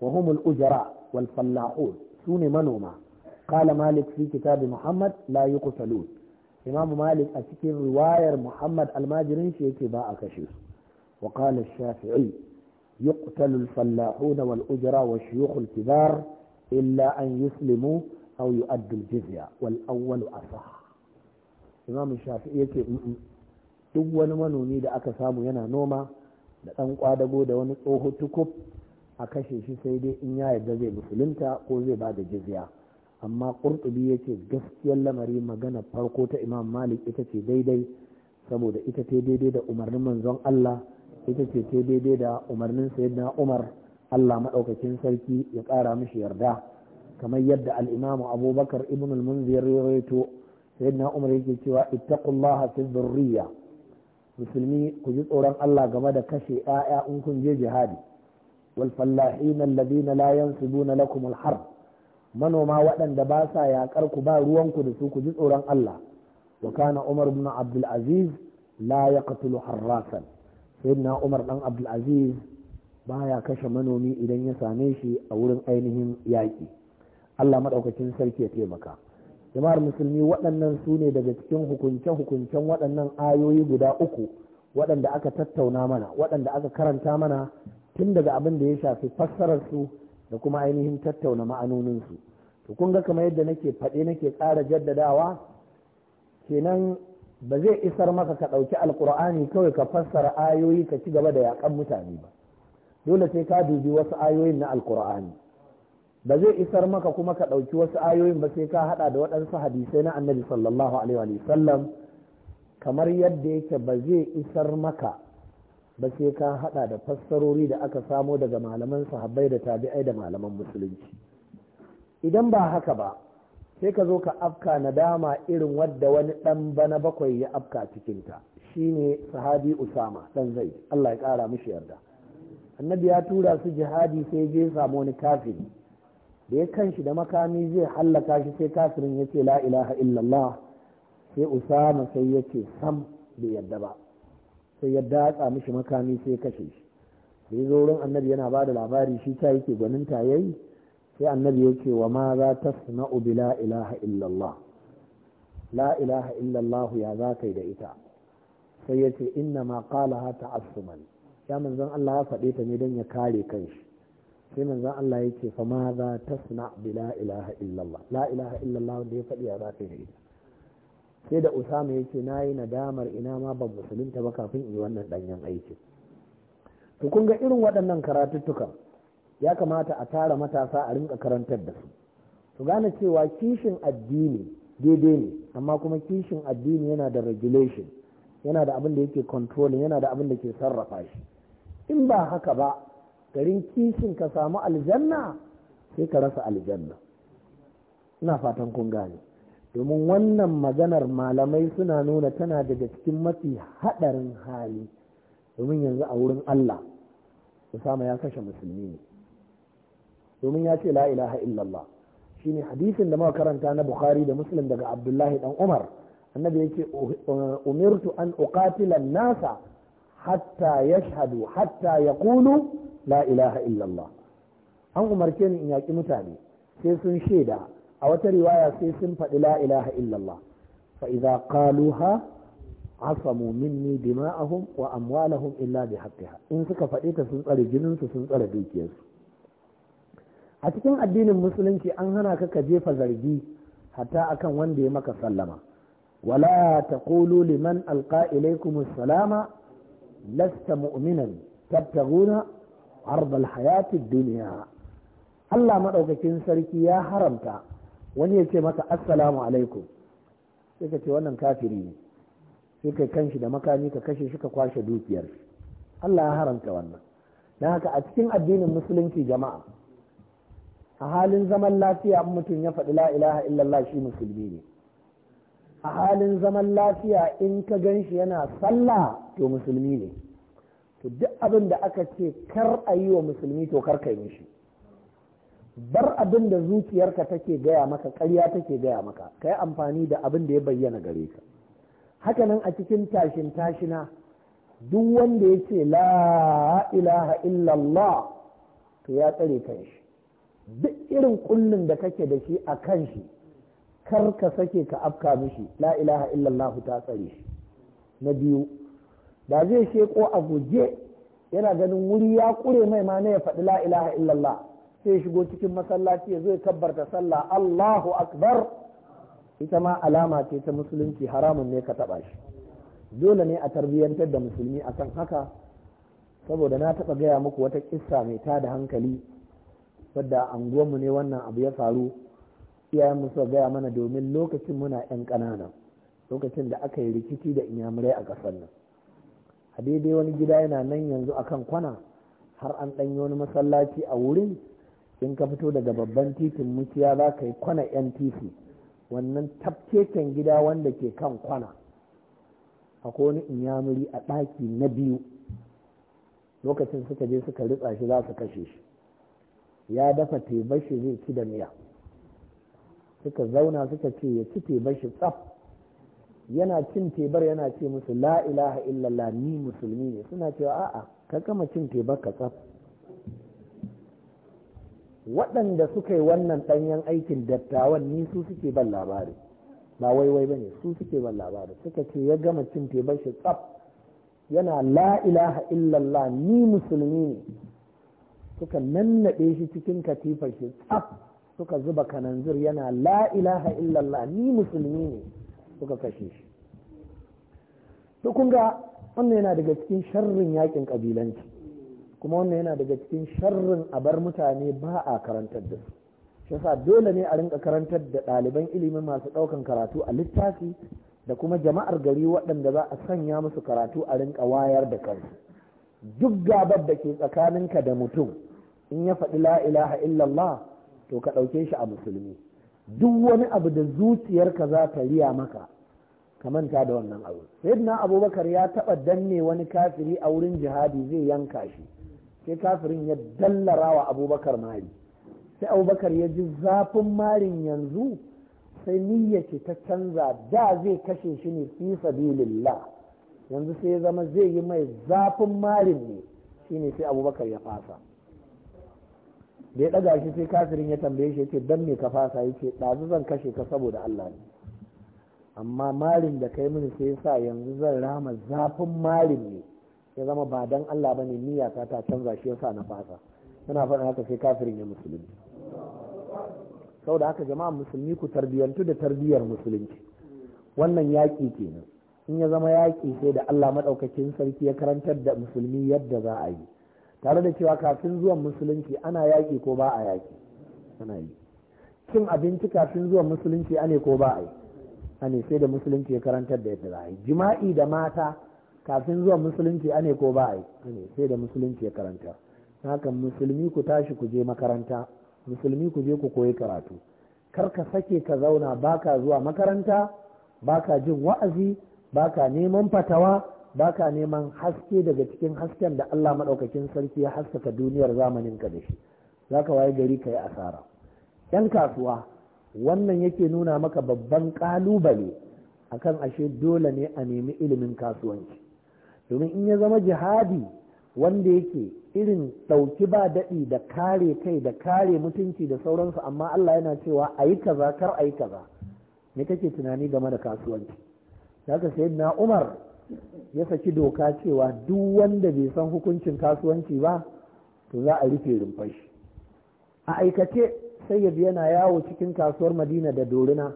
wa humul ujara wal fallahun sune manoma qala malik fi kitab muhammad la yuqtalun imam malik a cikin riwayar muhammad almajirin shi yake ba a kashe su وقال الشافعي يقتل الفلاحون والأجرى والشيوخ الكبار إلا أن يسلموا أو يؤدوا الجزية والأول أصح إمام الشافعي يكي duk wani manomi da aka samu yana noma da ɗan ƙwadago da wani tsoho tukub a kashe shi sai dai in ya yarda zai musulunta ko zai ba da jizya amma ƙurtubi ya ce gaskiyar lamari magana farko ta imam malik ita ce daidai saboda ita ce daidai da umarnin manzon allah ita ce ta daidai da umarnin sayyidina umar allah maɗaukakin sarki ya ƙara mishi yarda kamar yadda al'imamu abubakar ibn al-munzir ya rawaito sayyidina umar yake cewa ittaqullaha fi dhurriyya musulmi ku ji tsoron allah game da kashe ƴaƴa in kun je jihadi wal fallahin alladhina la yansibuna lakum al-harb manoma waɗanda ba sa yaƙar ku ba ruwanku da su ku ji tsoron allah wa kana umar ibn abdul aziz la yaqtulu harrasan sayyidina umar dan abdulaziz baya kashe manomi idan ya same shi a wurin ainihin yaƙi allah maɗaukacin sarki ya taimaka jama'ar musulmi waɗannan su ne daga cikin hukunce-hukuncen waɗannan ayoyi guda uku waɗanda aka tattauna mana waɗanda aka karanta mana tun daga abin da ya shafi fassararsu da kuma ainihin tattauna ma'anoninsu to kun ga kamar yadda nake faɗe nake ƙara jaddadawa kenan ba zai isar maka ka ɗauki alkur'ani kawai ka fassara ayoyi ka ci gaba da yaƙan mutane ba dole sai ka dubi wasu ayoyin na alkur'ani ba zai isar maka kuma ka ɗauki wasu ayoyin ba sai ka haɗa da waɗansu hadisai na annabi sallallahu alaihi sallam kamar yadda yake ba zai isar maka ba sai ka haɗa da fassarori da aka samo daga malaman sahabbai da tabi'ai da malaman musulunci idan ba haka ba sai ka zo ka afka nadama irin wadda wani ɗan bana bakwai ya afka cikinta shine sahabi usama ɗan zai Allah ya kara mishi yarda annabi ya tura su jihadi sai je samu wani kafiri da ya kan shi da makami zai hallaka shi sai kafirin ya ce la ilaha illallah sai usama sai ya ce sam bai yadda ba sai ya datsa mishi makami sai kashe shi sai zo annabi yana ba da labari shi ta yake gwaninta yayi sai annabi ya ce wa ma za ta sana'u bi la ilaha illallah la ilaha illallah ya za ka yi da ita sai ya ce inna ma qalaha ta'assuman ya manzon Allah ya faɗe ta ne don ya kare kanshi sai manzon Allah ya ce fa ma za ta sana bi la ilaha illallah la ilaha illallah da ya faɗi ya za ka yi da ita sai da usama ya ce na yi nadamar ina ma ban musulunta ba kafin in yi wannan ɗanyen aikin to kun ga irin waɗannan karatuttukan ya kamata a tara matasa a rinka karantar da su su gane cewa kishin addini daidai ne amma kuma kishin addini yana da regulation yana da abin da yake controlling yana da abin da ke sarrafa shi in ba haka ba garin kishin ka samu aljanna sai ka rasa aljanna ina fatan kun gane domin wannan maganar malamai suna nuna tana daga cikin mafi haɗarin hali domin yanzu a wurin Allah Usama ya kashe musulmi ne domin ya ce la ilaha illallah shine hadisin da muka karanta na bukhari da muslim daga abdullahi dan umar annabi yake uh, umirtu an uqatila nasa hatta yashhadu hatta yaqulu la ilaha illallah an umarce ni in yaki mutane sai sun shaida a wata riwaya sai sun faɗi la ilaha illallah fa idza qaluha asamu minni dima'ahum wa amwalahum illa bihaqqiha in suka faɗi ta sun tsare jininsu sun tsare dukiyarsu a cikin addinin musulunci an hana ka ka jefa zargi hatta akan wanda ya maka sallama wala taqulu liman alqa salama lasta mu'minan tattaguna arda hayatid duniya. Allah maɗaukakin sarki ya haramta wani ya ce maka assalamu alaikum sai ka ce wannan kafiri ne sai kai kanshi da makami ka kashe shi ka kwashe dukiyar Allah ya haramta wannan dan haka a cikin addinin musulunci jama'a a halin zaman lafiya in mutum ya faɗi la ilaha illallah shi musulmi ne a halin zaman lafiya in ka gan shi yana sallah to musulmi ne to duk abin da aka ce kar a yi wa musulmi to kar ka yi bar abin da zuciyarka take gaya maka ƙarya take gaya maka ka yi amfani da abin da ya bayyana gare ka hakanan a cikin tashin tashina duk wanda ya ce la ilaha illallah to ya tsare kanshi. duk irin kullun da kake da shi a kan shi kar ka sake ka afka mishi la ilaha illallah ta tsare shi na biyu da zai sheko a guje yana ganin wuri ya kure mai ma na ya faɗi la ilaha illallah sai shigo cikin masallaci ya zo ya sallah Allahu akbar ita ma alama ce ta musulunci haramun ne ka taɓa shi dole ne a tarbiyyantar da musulmi akan haka saboda na taɓa gaya muku wata kissa mai tada hankali wadda anguwanmu ne wannan abu ya faru iyayen mu suka gaya mana domin lokacin muna yan ƙanana lokacin da aka yi rikici da inyamurai a ƙasar nan a daidai wani gida yana nan yanzu akan kwana har an ɗanyi wani masallaci a wurin in ka fito daga babban titin muciya za ka yi kwana yan titi wannan tafkeken gida wanda ke kan kwana akwai wani inyamuri a ɗaki na biyu lokacin suka je suka ritsa shi za su kashe shi ya dafa tebashi zai ci da miya suka zauna suka ce ya ci tebashi tsaf yana cin tebar yana ce musu la ilaha illallah ni musulmi ne suna cewa a'a ka kama cin tebar ka tsaf waɗanda suka yi wannan ɗanyen aikin dattawan ni su suke ban labari ba waiwai ba ne su suke ban labari suka ce ya gama cin tebashi shi tsaf yana la ilaha illallah ni musulmi ne suka nannaɗe shi cikin katifar shi tsaf suka zuba kananzir yana la ilaha illallah ni musulmi ne suka kashe shi to kun ga wannan yana daga cikin sharrin yakin kabilanci kuma wannan yana daga cikin sharrin a bar mutane ba a karantar da su shi yasa dole ne a rinka karantar da ɗaliban ilimi masu ɗaukan karatu a littafi da kuma jama'ar gari waɗanda za a sanya musu karatu a rinka wayar da kansu duk gabar da ke tsakaninka da mutum in ya faɗi la ilaha illallah to ka ɗauke shi a musulmi duk wani abu da zuciyarka za ta riya maka ka manta da wannan abu sayyidina abubakar ya taɓa danne wani kafiri a wurin jihadi zai yanka shi sai kafirin ya dallara wa abubakar mari sai abubakar ya ji zafin marin yanzu sai niyyace ta canza da zai kashe shi ne fi sabilillah yanzu sai ya zama zai yi mai zafin marin ne shine sai abubakar ya fasa da ya ɗaga shi sai kafirin ya tambaye shi yace dan me ka fasa yace ɗazu zan kashe ka saboda Allah ne amma marin da kai mini sai sa yanzu zan rama zafin marin ne ya zama ba dan Allah bane niyya ta ta canza shi yasa na fasa suna faɗin haka sai kafirin ya musulmi saboda haka jama'a musulmi ku tarbiyantu da tarbiyar musulunci wannan yaƙi kenan in ya zama yaƙi sai da Allah maɗaukakin sarki ya karantar da musulmi yadda za a yi tare da cewa kafin zuwan musulunci ana yaƙi ko ba a yaƙi ana yi cin abinci kafin zuwan musulunci ane ko ba a yi ane sai da musulunci ya karantar da yadda za a yi jima'i da mata kafin zuwan musulunci ane ko ba a yi ane sai da musulunci ya karanta haka musulmi ku tashi ku je makaranta musulmi ku je ku koyi karatu kar ka sake ka zauna baka zuwa makaranta baka jin wa'azi baka neman fatawa ba ka neman haske daga cikin hasken da Allah maɗaukakin sarki ya haskaka duniyar zamanin ka da shi za ka waye gari ka yi asara yan kasuwa wannan yake nuna maka babban ƙalubale akan ashe dole ne a nemi ilimin kasuwanci domin in ya zama jihadi wanda yake irin ɗauki ba daɗi da kare kai da kare mutunci da sauransu amma Allah yana cewa a yi kaza kar a yi kaza me kake tunani game da kasuwanci Za haka sayi na umar ya saki doka cewa duk wanda bai san hukuncin kasuwanci ba to za a rufe rumfashi a aikace sai ya yana yawo cikin kasuwar madina da dorina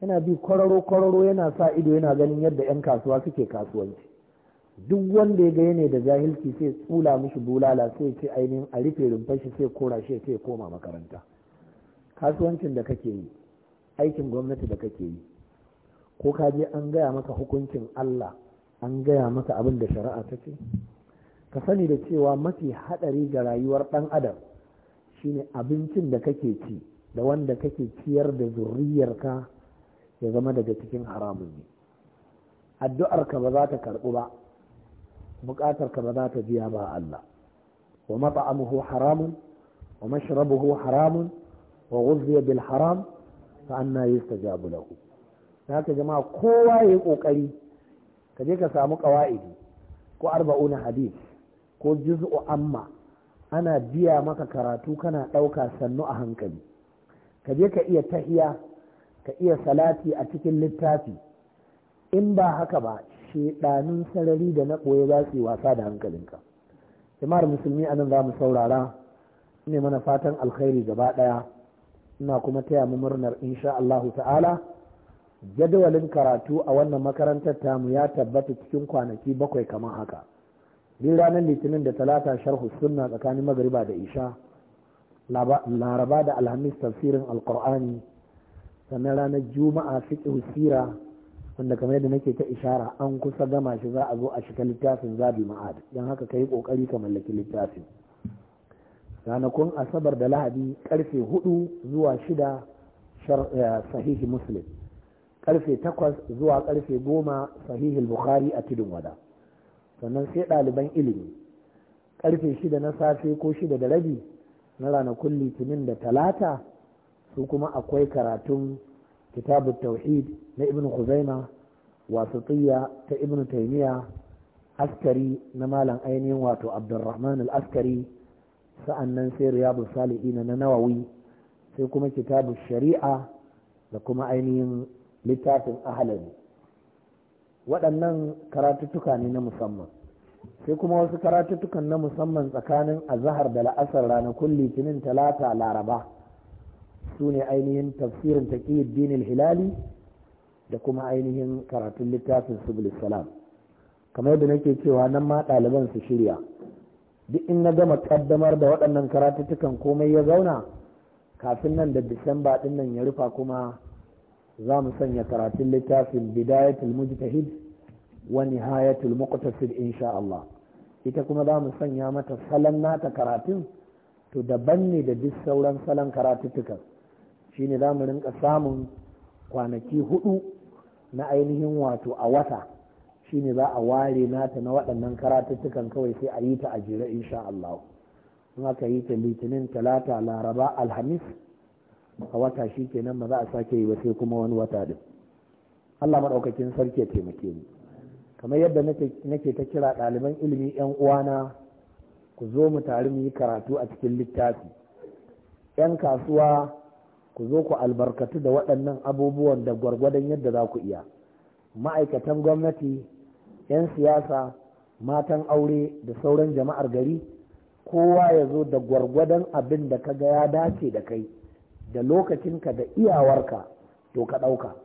yana bi kwararo-kwararo yana sa ido yana ganin yadda 'yan kasuwa suke kasuwanci duk wanda ya ga ne da jahilci sai tsula mishi bulala sai ce ainihin a rufe rumfashi shi sai kora shi sai koma makaranta kasuwancin da kake yi aikin gwamnati da kake yi ko ka je an gaya maka hukuncin Allah an gaya maka abin da shari'a ta ce ka sani da cewa mafi haɗari ga rayuwar ɗan adam shine abincin da kake ci da wanda kake ciyar da zurriyarka ya zama daga cikin haramun ne addu'arka ba za ta karɓu ba buƙatarka ba za ta biya ba Allah wa mat'amuhu haramun wa mashrabuhu haramun wa ghudhiya bil haram fa anna yastajabu lahu da haka jama'a kowa ya yi ƙoƙari ka je ka samu kawa'idi ko Arba'u na hadith ko juz'u amma ana biya maka karatu kana ɗauka sannu a hankali ka je ka iya tahiya ka iya salati a cikin littafi in ba haka ba shedanin sarari da na ɓoye za su wasa da hankalinka jama'ar musulmi anan za mu saurara ne mana fatan alkhairi gaba ɗaya ina kuma taya mu murnar insha Allahu ta'ala jadawalin karatu a wannan makarantar tamu ya tabbata cikin kwanaki bakwai kamar haka duk ranar litinin da talata sharhu sunna tsakanin magariba da isha laraba da alhamis tafsirin alkur'ani sannan ranar juma'a fiqh sira wanda kamar yadda nake ta ishara an kusa gama shi za a zo a shiga littafin zabi ma'ad don haka ka yi kokari ka mallaki littafi ranakun asabar da lahadi karfe hudu zuwa shida eh, sahihi muslim karfe takwas zuwa karfe goma sahihul bukhari a tudun wada sannan sai ɗaliban ilimi karfe shida na safe ko shida da rabi na ranakun litinin da talata su kuma akwai karatun kitabu tauhid na ibn khuzaima wasatiyya ta ibn taimiya askari na malam ainihin wato abdulrahman al-askari sa'annan sai Riyabu salihin na nawawi sai kuma kitabu shari'a da kuma ainihin littafin ahalari waɗannan karatuttuka ne na musamman sai kuma wasu karatuttukan na musamman tsakanin azahar da la'asar ranakun litinin talata laraba su ne ainihin tafsirin taƙiyyar hilali da kuma ainihin karatun littafin subul salam kamar yadda nake cewa nan ma ɗaliban su shirya duk in na gama ƙaddamar da waɗannan karatuttukan komai ya zauna kafin nan da disamba ɗin nan ya rufa kuma za mu sanya karatun littafin bidayatul mujtahid wa nihayatul muqtasid insha Allah ita kuma za mu sanya mata salon nata karatun to daban ne da duk sauran salon karatuttuka shine za mu rinka samun kwanaki hudu na ainihin wato a wata shine za a ware nata na waɗannan karatuttukan kawai sai a yi ta a jere insha Allah in aka yi ta litinin talata laraba alhamis a wata shi ke nan ba za a sake yi ba sai kuma wani wata ɗin. Allah maɗaukakin sarki ya taimake ni kamar yadda nake ta kira ɗaliban ilimi yan uwana ku zo mu tare mu yi karatu a cikin littafi yan kasuwa ku zo ku albarkatu da waɗannan abubuwan da gwargwadon yadda za ku iya ma'aikatan gwamnati 'yan siyasa matan aure da sauran jama'ar gari kowa ya zo da gwargwadon abin da ga ya dace da kai da lokacinka da iyawarka to ka ɗauka